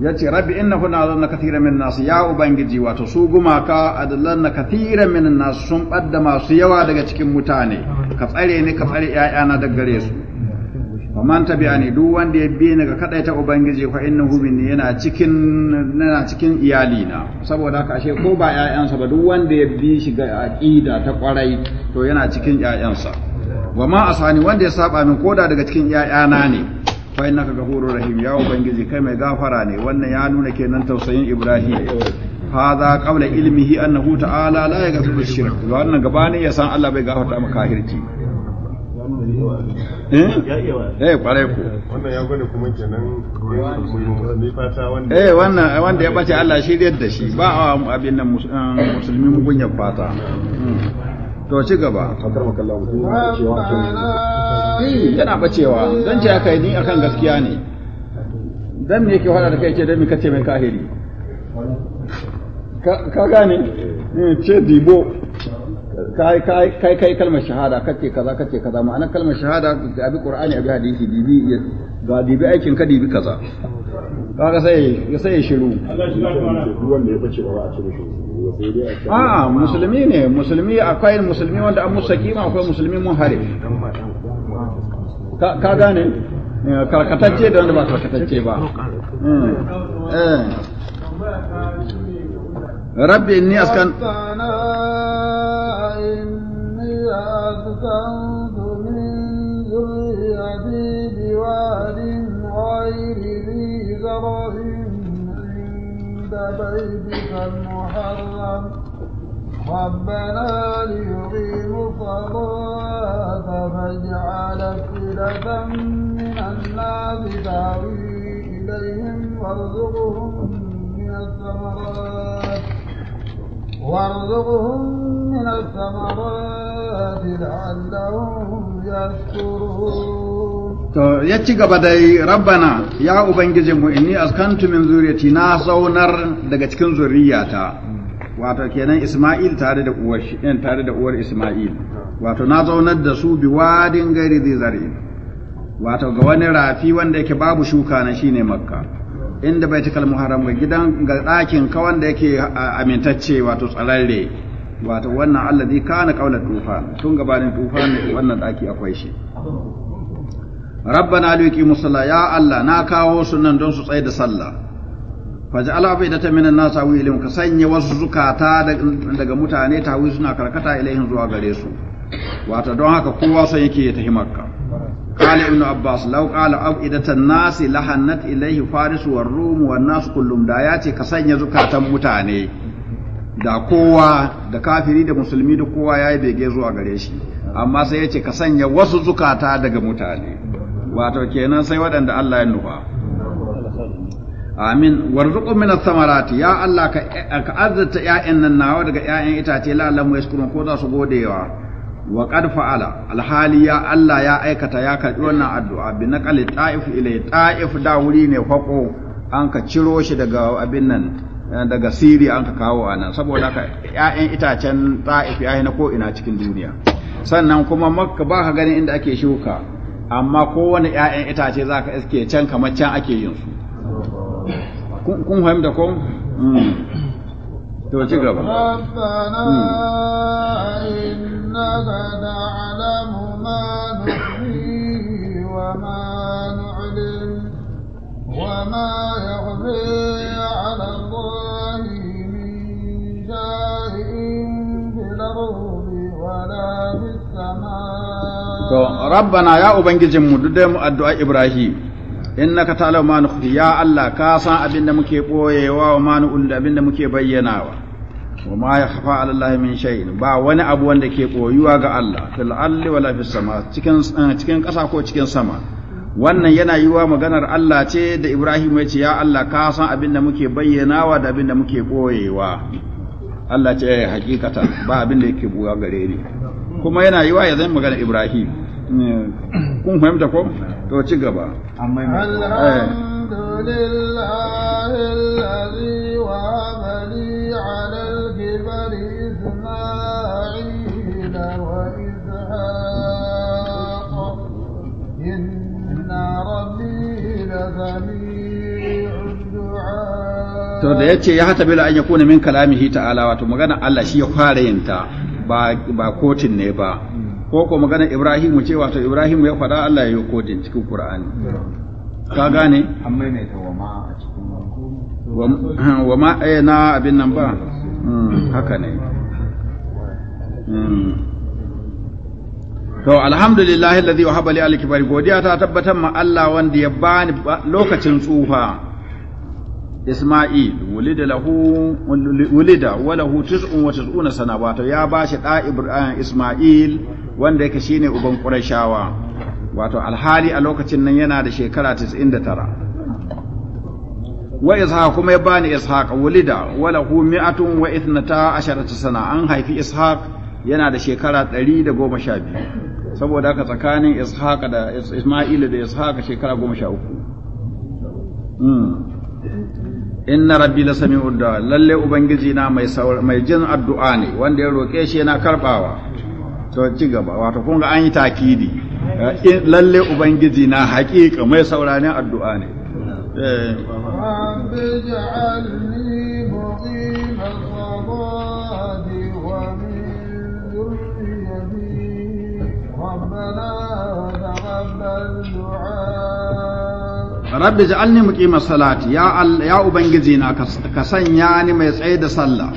ya ce rabbi inna kuna zanna kathira min nasu ya ubangiji wato su gumaka na kathira min nasu sun badda masu yawa daga cikin mutane ka tsare ni ka tsare ƴaƴana da gare su wa man tabi'ani duk wanda ya bi ni ga kadai ta ubangiji fa innahu minni yana cikin yana cikin iyali na saboda haka ashe ko ba 'ya'yansa ba duk wanda ya bi shi ga aqida ta kwarai to yana cikin ƴaƴansa wa ma asani wanda ya saba min koda daga cikin ƴaƴana ne fa innaka ghafurur rahim ya ubangiji kai mai gafara ne wannan ya nuna kenan tausayin ibrahim hadha qabla ilmihi annahu ta'ala la yaghfiru shirk wannan gabanin ya san Allah bai gafarta maka kafirci eh, eh kware ku wannan ya gane kuma kenan ni fata wanda eh wannan wanda ya bace Allah shi da shi ba um, abin nan um, musulmi gunya fata hmm. to ci gaba yana bacewa don ce aka yi ni akan gaskiya ne dan me yake faɗa da kai ce don me kace mai kahiri ka gane eh, ce dibo kai kai kalmar shahada kace kaza kace kaza ma'ana kalmar shahada abi qur'ani abi hadisi dibi ga dibi aikin ka dibi kaza kaga sai sai shiru wanda ya a shiru a ah, musulmi ne musulmi akwai musulmi wanda an musa kima akwai musulmi mun hare ka gane eh, karkatacce da wanda ba karkatacce ba eh, eh. rabbi inni askan بواد غير ذي زرع بيتك المحرم ربنا ليقيموا الصلاة فاجعل أفئدة من الناس تهوي إليهم وارزقهم من الثمرات وارزقهم من الثمرات لعلهم يشكرون to ya ci gaba da rabbana ya ubangijin ubangijinmu inni askantu min zuriyati na saunar daga cikin zuriyata wato kenan isma'il tare da uwar shi eh, tare da uwar isma'il wato na zaunar da su bi wadin gairi zai zari wato ga wani rafi wanda yake babu shuka na shine makka inda baitul muharram ga gidan ga ɗakin ka wanda yake amintacce wato tsararre wato wannan allazi kana qaula tufan tun gabanin tufan wannan daki akwai shi rabbana liqimu musalla ya allah na kawo su nan don su tsaye da sallah faj'al afidatan minan nas awilum ka sanya wasu zukata daga mutane tawi suna karkata ilaihin zuwa gare su wato don haka kowa sai yake ya tafi makka قال ابن عباس لو قال أفئدة الناس لحنت إليه فارس والروم والناس كلهم دا ياتي كسن يزكاة متاني da kowa da kafiri da musulmi da kowa ya yi bege zuwa gare shi amma sai yace ka sanya wasu zukata daga mutane wato kenan sai waɗanda Allah ya nufa amin warzuqu min samarati ya Allah ka ka ya'yan nan nawa daga ya'yan itace la mai yashkurun ko za su godewa wa qad fa'ala alhali ya Allah ya aikata ya karbi wannan addu'a bi naqali ta'if ilay ta'if da wuri ne fako an ka ciro shi daga abin nan daga siri an ka kawo a nan saboda ka ya'yan itacen ta'if ya na ko ina cikin duniya sannan kuma makka ba ka ganin inda ake shuka amma kowane ‘ya'yan itace za ka iske can kamar can ake yin su kun fahimta ko? Mm. to ci gaba وما يغفر mm. to rabbana ya ubangijin mu duk mu addu'a ibrahim innaka ta'lamu ma nukhfi ya allah ka san abin da muke boyewa wa ma nu abin da muke bayyanawa wa ma ya 'ala allah min shayin, ba wani abu wanda ke koyuwa ga allah fil alli wala fis sama cikin eh, cikin ƙasa ko cikin sama wannan yana yiwa maganar Allah ce da Ibrahim ya ce ya Allah ka san abin da muke bayyanawa da abin da muke ɓoyewa Allah ce eh, hakikata ba abin da yake buwa gare ni kuma yana wa ya zai magana Ibrahim kun fahimta ko to ci gaba amma alhamdulillah eh. alladhi wa bali ala al-kibar isma'il wa ishaq inna rabbi lasami'ud du'a to da yace ya hata bil an yakuna min kalamihi ta'ala wato magana Allah shi ya fara yin ta ba ba kotin ne ba hmm. ko ko magana Ibrahim ce wato Ibrahim ya faɗa Allah ya yi kotin cikin Qur'ani ka gane amma ne ta wama a cikin wama eh na abin nan ba hmm, haka ne hmm. to alhamdulillahi alladhi wahaba li al-kibari godiya ta tabbatar ma Allah wanda ya bani lokacin tsufa Isma'il wulida lahu wulida wa lahu tis'un wa tis'una sana wato ya bashi da Ibrahim Isma'il wanda yake shine uban Qurayshawa wato alhali a lokacin nan yana da shekara 99 wa ishaq kuma ya bani ishaq wulida wa lahu mi'atun wa ithnata asharata sana an haifi ishaq yana da shekara 112 saboda haka tsakanin ishaq da Isma'il da ishaq shekara 13 inna rabbi la sami'u du'a lalle ubangiji na mai mai jin addu'a ne wanda ya roke shi yana karbawa to ci gaba wato kun ga an yi takidi eh, lalle ubangiji na haƙiƙa mai sauranin addu'a ne ربنا eh. rabbi ja'alni muqima salati ya ya ubangiji na ka sanya ni mai tsaye da sallah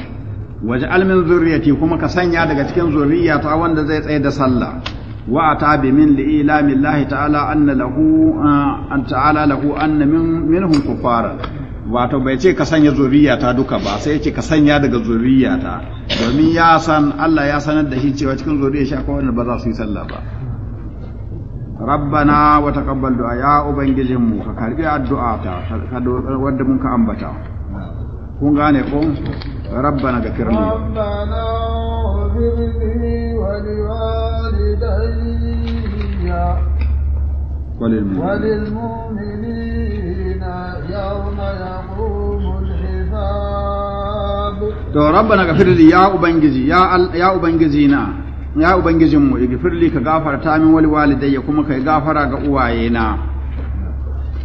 Waje min zurriyati kuma ka sanya daga cikin zurriyata wanda zai tsaye da sallah wa bi min li'ilami Allah ta'ala anna lahu an ta'ala lahu anna min minhum fara. wato bai ce ka sanya zuriyata duka ba sai ce ka sanya daga zuriyata domin ya san Allah ya sanar da shi cewa cikin zuriyar shi akwai wanda ba za su yi sallah ba rabbana wa taqabbal du'a ya ubangijin mu ka karbi addu'a ta wanda mun ka ambata kun gane ko rabbana gafirli rabbana ubirni وللمؤمنين يوم يقوم الحساب ya ubangiji ubangiji na ya ubangijinmu igfirli ka gafarta min walidai ya kuma kai gafara ga uwaye na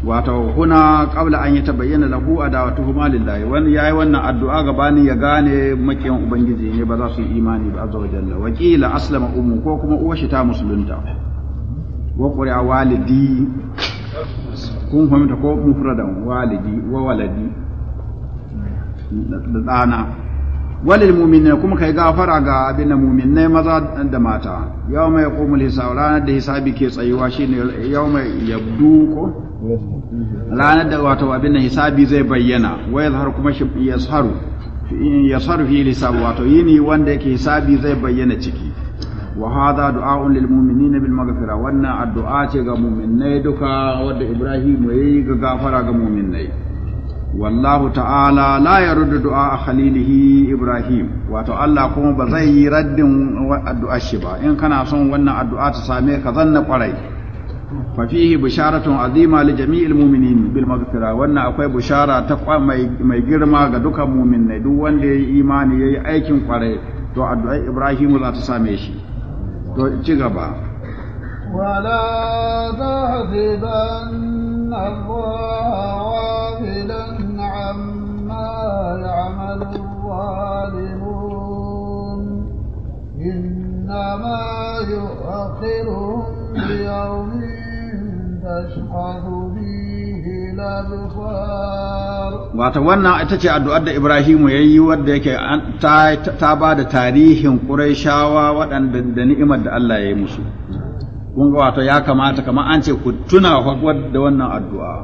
wato huna qabla an yatabayyana lahu huma lillahi wani yayi wannan addu'a gabanin ya gane makiyan ubangiji ne ba za su yi imani ba azza wa jalla wakila aslama ummu ko kuma Uwashi ta musulunta wa qura walidi kun fahimta ko mufradan walidi wa waladi da dana walil mu'minina kuma kai gafara ga abin da mu'minai maza da mata yau mai qumul hisab ranar da hisabi ke tsayuwa shine yau mai yabdu ko ranar da wato abin da hisabi zai bayyana wa har kuma shi yasharu yasharu fi lisab wato yini wanda yake hisabi zai bayyana ciki wa hada du'a'un lil mu'minin bil maghfira wannan addu'a ce ga mu'minai duka wanda Ibrahim yayi ga gafara ga mu'minai wallahu ta'ala la yaruddu du'a khalilihi ibrahim wato Allah kuma ba zai yi raddin addu'a shi ba in kana son wannan addu'a ta same ka zanna kwarai fa fihi bisharatun azima li jami'il mu'minin bil maghfira wannan akwai bishara ta mai mai girma ga dukkan mu'minai duk wanda yayi imani yayi aikin kwarai to addu'a ibrahim za ta same shi to ci gaba wala tahziban Allah يعمل الظالمون إنما يؤخرهم ليوم فيه الأبصار wato wannan ita ce addu'ar da Ibrahimu ya yi wadda yake ta ba da tarihin Qurayshawa waɗanda da ni'imar da Allah ya yi musu. Kun ga wato ya kamata kamar an ce ku tuna da wannan addu'a,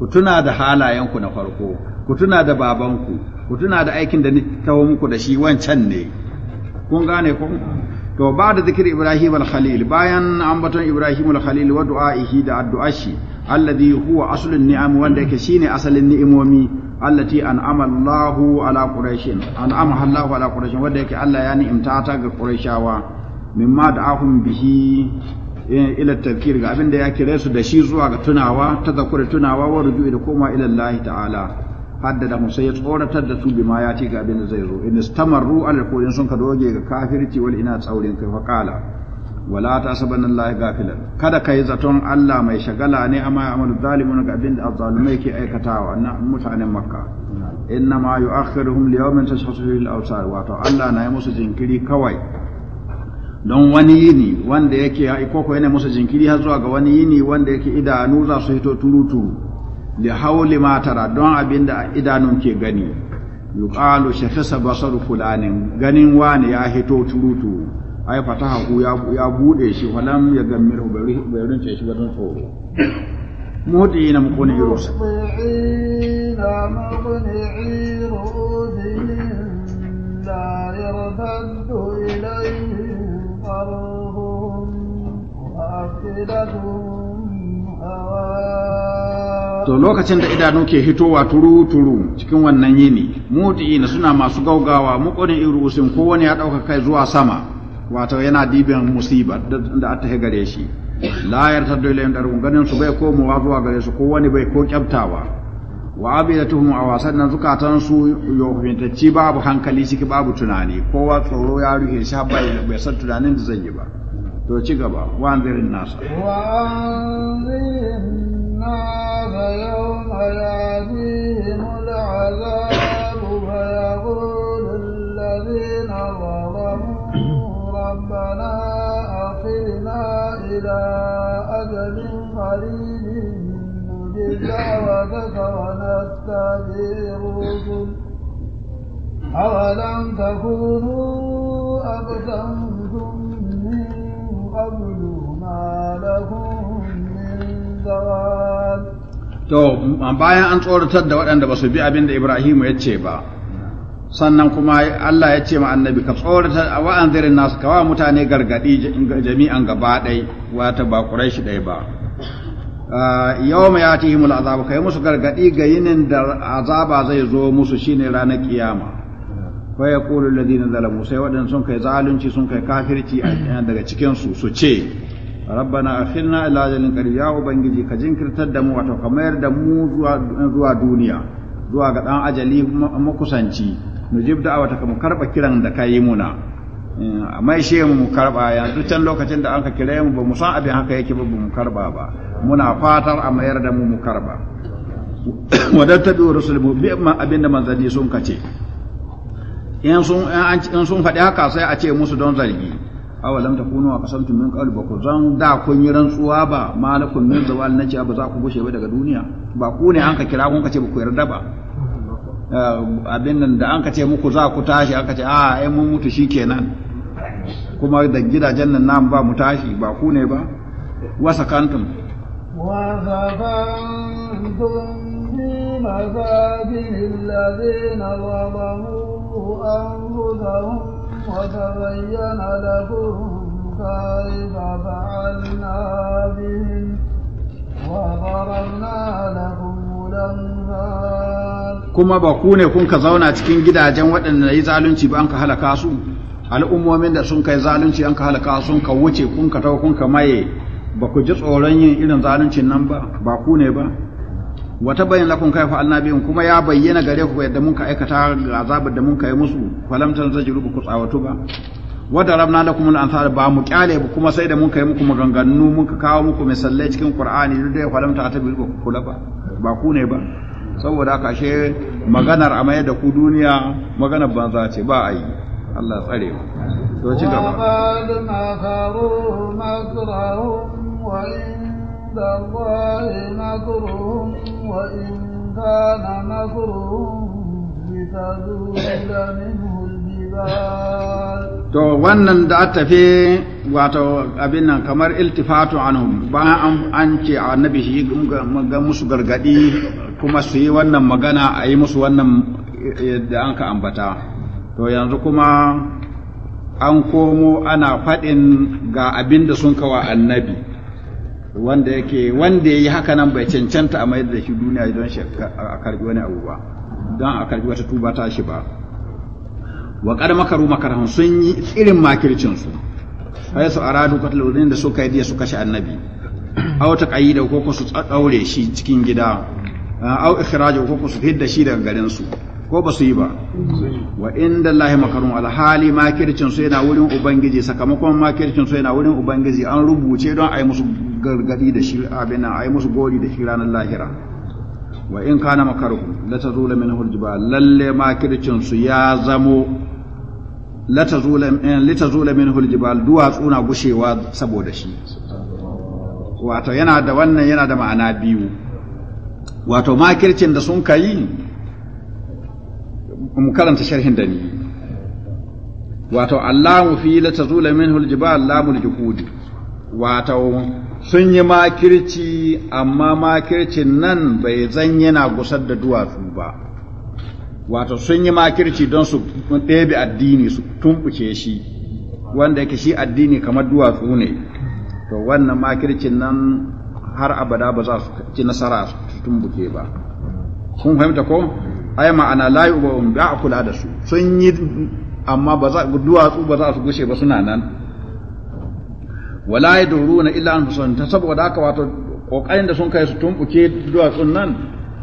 ku tuna da halayenku na farko, ku tuna da babanku, ku tuna da aikin da ni taho muku da shi wancan ne kun gane ko to ba da zikir ibrahim al-khalil bayan ambaton ibrahim al-khalil wa du'a'ihi da addu'ashi alladhi huwa aslun ni'am wanda yake shine asalin ni'imomi allati an'ama Allahu ala quraishin an'ama Allahu ala quraishin wanda yake Allah ya ni'imta ta ga quraishawa mimma da'ahum bihi eh, ila tadhkir ga abinda ya kire su da shi zuwa ga tunawa tazakkur tunawa wa ruju'i da koma ila Allah ta'ala haddada mu ya tsoratar da su ma ya ci ga abin da zai zo in istamarru ala kulin sun ka doge ga kafirci wal ina tsaurin kai fa qala wala tasabanna allah gafilan kada kai zaton Allah mai shagala ne amma amalu zalimun ga abin da azzalumai ke aikatawa na mutanen makka inna ma yu'akhiruhum li yawmin tashhasu fihi al-absar ta Allah na yi musu jinkiri kawai don wani yini wanda yake ko ko yana musu jinkiri har zuwa ga wani yini wanda yake idanu za su hito turutu. li hauli ma tara don abinda idanun ke gani yuqalu shafisa basaru fulanin ganin wani ya hito turutu ai fataha ku ya ya bude shi walam ya gammiru bai ce shi don tsoro modi na mu kone لا to lokacin da idanu ke hitowa turu-turu cikin wannan yini muti'ina suna masu gaugawa muƙunin irusin kowane ya ɗauka kai zuwa sama wato yana dibin musibar da ta gare shi la ta dole yin ɗarkun ganin su bai komowa zuwa gare su wani bai ko kyabtawa wa abidatuhum a wasan nan zukatan su yohintacci babu hankali ciki babu tunani kowa tsoro ya rufe shi bai san tunanin da zai yi ba to ci gaba wanzirin nasa wanzirin nasa يوم يأتيهم العذاب فيقول الذين ظلموا ربنا أخرنا إلى أجل قريب نجب دعوتك ونتبع الرسل أولم تكونوا أقسمتم من قبل ما لكم من زوال to bayan an tsoratar da waɗanda ba su bi abin da Ibrahim ya ce ba sannan kuma Allah ya ce ma annabi ka tsoratar wa’an zirin nasu kawa mutane gargadi jami'an gaba ɗai wata ba shi ɗai ba Yau ah, yawma yatihimul ka kai musu gargadi ga yinin da azaba zai zo musu shine ranar kiyama fa yaqulu alladhina zalabu, sai waɗanda sun kai zalunci sun kai kafirci daga cikinsu su ce rabbana akhirna ila ajalin qarib ya ubangiji ka jinkirtar da mu wato ka mayar da mu zuwa duniya zuwa ga dan ajali makusanci nujib da'awata ka mu karba kiran da kai muna eh, mai she mu mu karba yanzu can lokacin da an anka kire mu ba mu san abin haka yake ba mu karba ba muna fatar a mayar da mu mu karba wadatta bi rusul mu bi amma abin da manzanni sun kace in sun in sun faɗi haka sai a ce musu don zargi awa lam a kasar qasamtum kawai ba ku zan da kun yi rantsuwa ba malakun min zawal ce ba za ku gushe ba daga duniya ba ku ne an ka kira kun ce ba ku yarda ba eh, abin nan da an ka ce muku za ku tashi an ka ce a ah, ai mun mutu shikenan kuma da gidajen nan nan ba mu tashi ba ku ne ba wasa wasakantum وتبين لهم كيف فعلنا بهم وضربنا لهم الأمثال كما بكون كن كزونا تكين جدا zalunci ba an ka كهلكا su? al'ummomin da sun kai zalunci an ka halaka sun ka wuce kun ka tau kun ka maye ba ku ji tsoron yin irin zaluncin nan ba ba ku ne ba wa bayyana lakum kayfa biyun kuma ya bayyana gare ku yadda mun ka aikata ga azabar da mun kai musu falam zajiru ku tsawatu ba wa darabna lakum al ansar ba mu kyale ba kuma sai da mun kai muku maganganu mun ka kawo muku misalai cikin qur'ani duk da falam ta tabiru ku kula ba ba ku ne ba saboda haka she maganar a da ku duniya maganar banza ce ba ai yi Allah tsare mu to ci gaba عند الله مكرهم وإن كان مكرهم لتزول منه الجبال to wannan da a tafi wato abin nan kamar iltifatu anhum bayan an ce annabi shi ga musu gargadi kuma su yi wannan magana a yi musu wannan eh, da an ka ambata to yanzu kuma an komo ana faɗin ga abin da sun kawa annabi wanda yake wanda yayi haka nan bai cancanta a mayar da shi duniya don shi a karbi wani abu ba don a karbi wata tuba ta shi ba wa kar makaru sun yi irin makircin su su aradu qatlun da suka yi su kashe annabi aw ta qayyida ko ko su daure shi cikin gida aw ikhraju ko ko su fidda shi daga garin su ko ba su yi ba wa inda lahi makarun alhali makircin su yana wurin ubangiji sakamakon makircin su yana wurin ubangiji an rubuce don a yi musu gargadi da shi abin a yi musu gori da shi ranar lahira wa in kana makarun lata zula min hurjiba lalle makircin su ya zamo lata zula in la tazula eh, min hurjiba duwatsu na gushewa saboda shi wato yana da wannan yana da ma'ana biyu wato makircin da sun kai mu karanta sharhin da ni wato allahu fi la tazula minhu aljibal la muljuhudi wato sun yi makirci amma makircin nan bai zan yana gusar da duwatsu ba wato sun yi makirci don su ɗebe addini su tumɓuke shi wanda yake shi addini kamar duwatsu ne to wannan makircin nan har abada ba za su ci nasara su tumbuke ba kun fahimta ko ai ma'ana la yu'bahum ba a kula da su sun yi amma ba za duwatsu ba za su gushe ba suna nan wala yaduruna illa anfusuhum ta saboda haka wato kokarin da sun kai su tumbuke duwatsun nan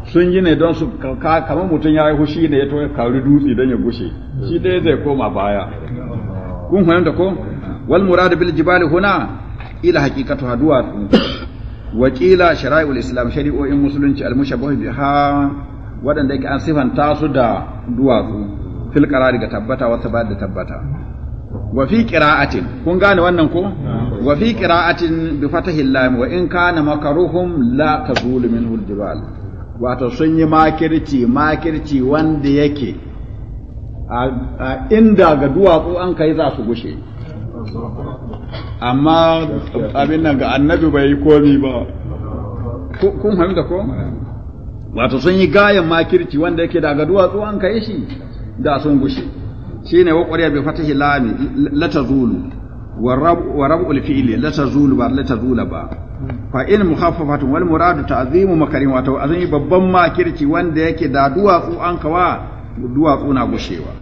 sun yi ne don su kamar mutum ya yi hushi ne ya toye kari dutse don ya gushe shi dai zai koma baya kun fahimta ko wal murad bil jibali huna ila haqiqatu duwatsu. wa qila shara'il islam shari'o'in musulunci al mushabbah biha waɗanda yake an sifanta su da duwatsu fil qarari ga tabbata wa ba da tabbata wa fi qira'atin kun gane wannan ko wa fi qira'atin bi fatahi lam wa in kana makaruhum la tazul minhu al-jibal wato sun yi makirci makirci wanda yake a inda ga duwatsu an kai za su gushe amma abin nan ga annabi bai yi komi ba kun fahimta ko wato sun yi gayan makirci wanda yake daga duwatsu an kai shi da sun gushe ne wa qariya bi fatahi lami Lata Zulu. wa rab'ul fi'li Lata Zulu. ba Lata tazula ba fa in mukhaffafatun wal muradu ta'zimu makarim wato azan yi babban makirci wanda yake da duwatsu an kawa duwatsu na gushewa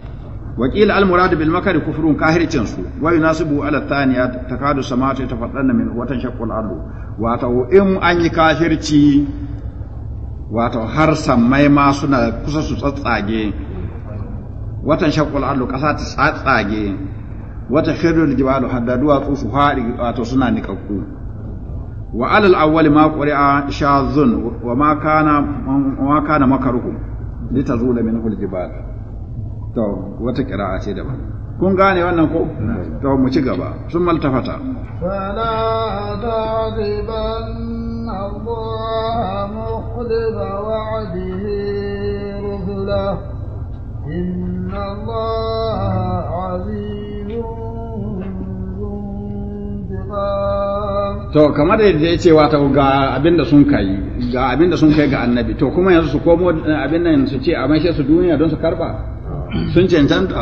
وقيل المراد بالمكر كفر كاهر تنسو ويناسب على الثانية تكاد السماوات يتفطرن منه وتنشق الأرض واتو إم أني كاهرتي wato har sammai ma suna kusa su tsatsage watan shakul ardu ƙasa ta tsatsage wata khirul jibalu hadda duwatsu su haɗi wato suna niƙaƙƙu wa alal awwali ma quri'a shazun wa ma kana ma kana makaruhu litazula minhu aljibal to wata qira'a ce daban kun gane wannan ko to mu ci gaba sun maltafata fala ta'ziban Allah يخلف وعده رسله إن الله عزيز To kamar da ya ce wata ga abin da sun kai ga abin da sun kai ga annabi to kuma yanzu su komo eh, abin nan su ce a maishe su duniya don su karba ah. sun cancanta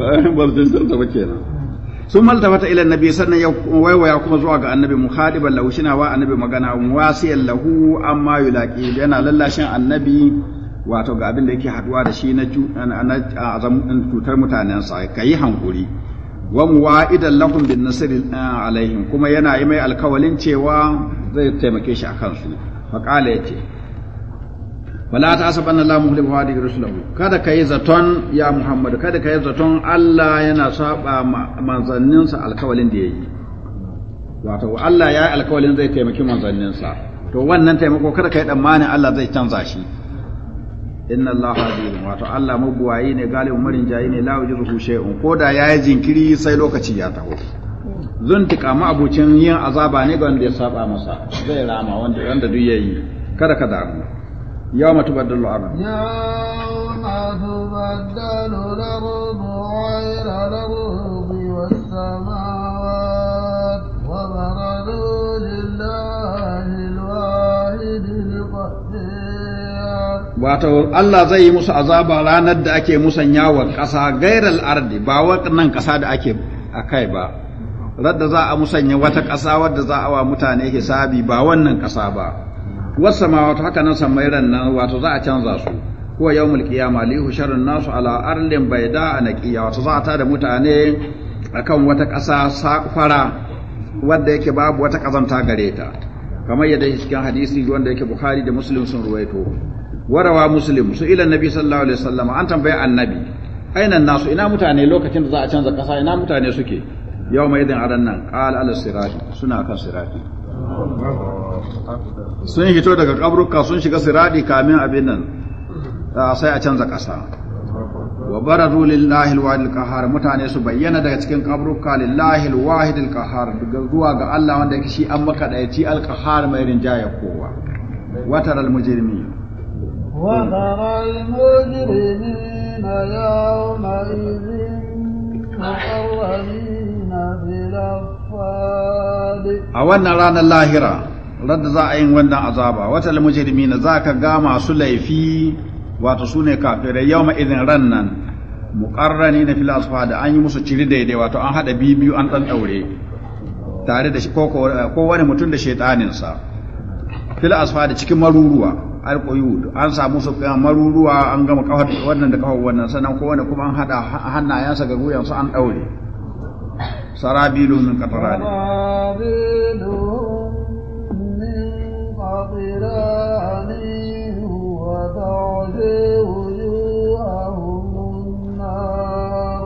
eh, ba su cancanta ba kenan sun maltafata ila nabi sannan ya waiwaya kuma zuwa ga annabi muhadiban lahu shina wa annabi magana wasiyan lahu amma yulaqi yana lallashin annabi wato ga abin da yake haduwa da shi na cutar mutanensa ka yi hankuri wa muwa'idan lahum bin nasri alaihim kuma yana yi mai alkawalin cewa zai taimake shi a su faqala yace wala ta asaban Allah muhlif wa'di rasulahu kada kai zaton ya Muhammad kada kai zaton Allah yana saba sa alkawalin da yayi wato Allah ya alkawalin zai taimaki sa to wannan taimako kada kai tsammanin Allah zai canza shi inna Allah hadir wato Allah mabuwayi ne galibin marin jayi ne la hu shay'un koda yayi jinkiri sai lokaci ya taho zuntika ma abucin yin azaba ne ga wanda ya saba masa zai rama wanda wanda duk yayi kada ka damu يوم تبدل الأرض يوم تبدل الأرض غير الأرض والسماوات وبرزوا لله الواحد القهار wato Allah zai yi musu azaba ranar da ake wa ƙasa gairar ardi ba waɗannan ƙasa da ake a kai ba da za a musanya wata ƙasa wadda za a wa mutane hisabi ba wannan ƙasa ba wasu samawatu haka nan samai nan wato za a canza su huwa yawmul qiyama li husharun nasu ala arlin bayda anaqiya wato za a da mutane akan wata ƙasa fara wadda yake babu wata ƙazanta gare ta kamar yadda cikin hadisi wanda yake bukhari da muslim sun ruwaito warawa muslim su ila nabi sallallahu alaihi wasallam an tambaye annabi aina nasu ina mutane lokacin da za a canza ƙasa ina mutane suke mai idin aran nan qala al sirati suna kan sirati sun hito daga kabruka sun shiga siradi kamin abin nan sai a canza ƙasa wa barazu lillahi alwahid alqahar mutane su bayyana daga cikin kabruka lillahi alwahid alqahar daga zuwa ga Allah wanda yake shi an maka dayaci alqahar mai rinjaya kowa watar mujrimin wa a wannan ranar lahira radda za a yin wannan azaba wata mujrimina za ka ga masu laifi wato su ne kafirai yawma idin ran nan muqarrani na fil asfad an yi musu ciri daidai wato an hada biyu an dan daure tare da ko ko wani mutum da shaytanin sa fil asfad cikin maruruwa alquyud an samu su maruruwa an gama kafar wannan da kafar wannan sannan ko wani kuma an hada hannayensa ga guyansa an daure sarabilu min qatarani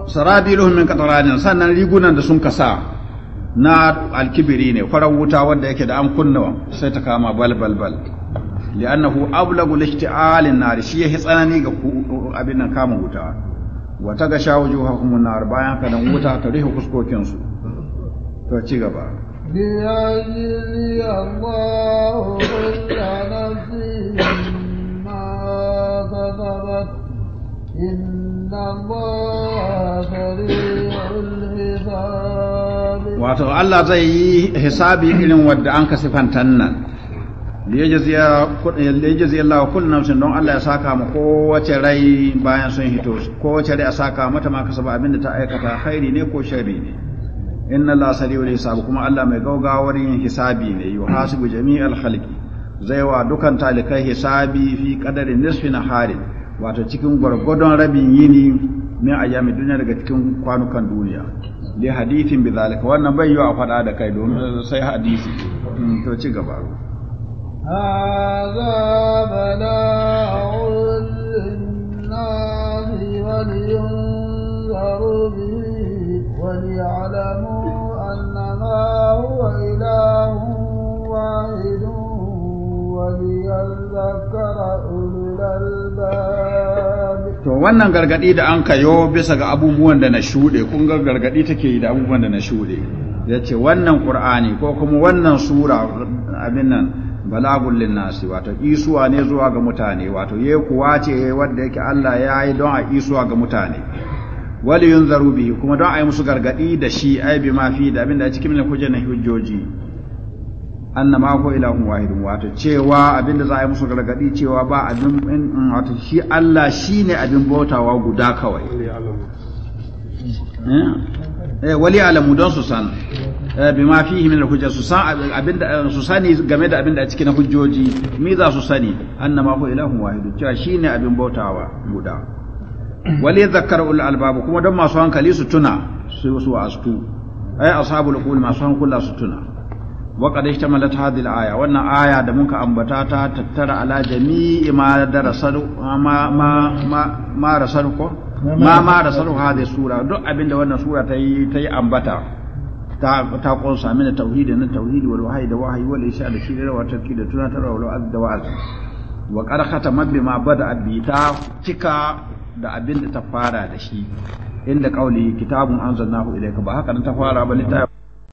sarabiluhum min qatarani sannan rigunan da sun kasa na alkibiri ne farar wuta wanda yake da an kunna sai ta kama bal bal bal li'annahu ablagu lishti'alin nar shi yake tsanani ga abin nan kama wuta wa ta ga shawujuhum nar bayan kadan wuta ta rihe kuskokin su to ci gaba wato Allah zai yi hisabi irin wadda an ka sifantan nan liyajaziya Allah kullum sun don Allah ya saka mu kowace rai bayan sun hito kowace rai a saka mata ma kasaba abinda ta aikata khairi ne ko sharri ne inna la sari'ul hisab kuma Allah mai gaugawar yin hisabi ne yi wa yuhasibu jami'al khalqi zai wa dukan talikai hisabi fi kadarin nisfi na hari wato cikin gwargwadon rabin yini ne a ayyami duniya daga cikin kwanukan duniya li hadithin bi zalika wannan bai yi a fada da kai domin sai hadisi hmm, to ci gaba هذا هو إله واحد وليذكر أولو to wannan gargadi da an kayo bisa ga abubuwan da na shuɗe kun ga gargadi take yi da abubuwan da na shuɗe ya ce wannan ƙur'ani ko kuma wannan sura abin nan balagullin nasi wato isuwa ne zuwa ga mutane wato ye kuwa ce wadda yake Allah ya yi don a isuwa ga mutane wali yunzaru bihi kuma don a yi musu gargaɗi da shi ai bi mafi da abin da a cikin min hujjan hujjoji an ma ko ilahun wahidun wato cewa abin da za a yi musu gargaɗi cewa ba abin wato shi Allah shine abin bautawa guda kawai eh? Eh, wali alamu don su san eh, bima fihi min al-hujja su san abin da su sani game da abin da a cikin hujjoji me za su sani an ma ko ilahun wahidun cewa shi ne abin bautawa guda wali zakkar ul albabu kuma don masu hankali su tuna su su asku ai ashabul qul masu hankula su tuna wa qad ishtamalat hadhihi aya wannan aya da muka ambata ta tattara ala jami'i ma darasaru ma ma ma rasaru ko ma ma rasaru hadhihi sura duk abinda wannan sura ta yi ta yi ambata ta ta kunsa mina tauhidi na tauhidi wal wahyi da wahyi wal isha da shirra wa da tunatarwa wal azza wa azza wa qad khatama bima bada bi ta cika da abin da ta fara da shi inda kauli kitabun anzalnahu ilayka ba haka nan ta fara ba littafin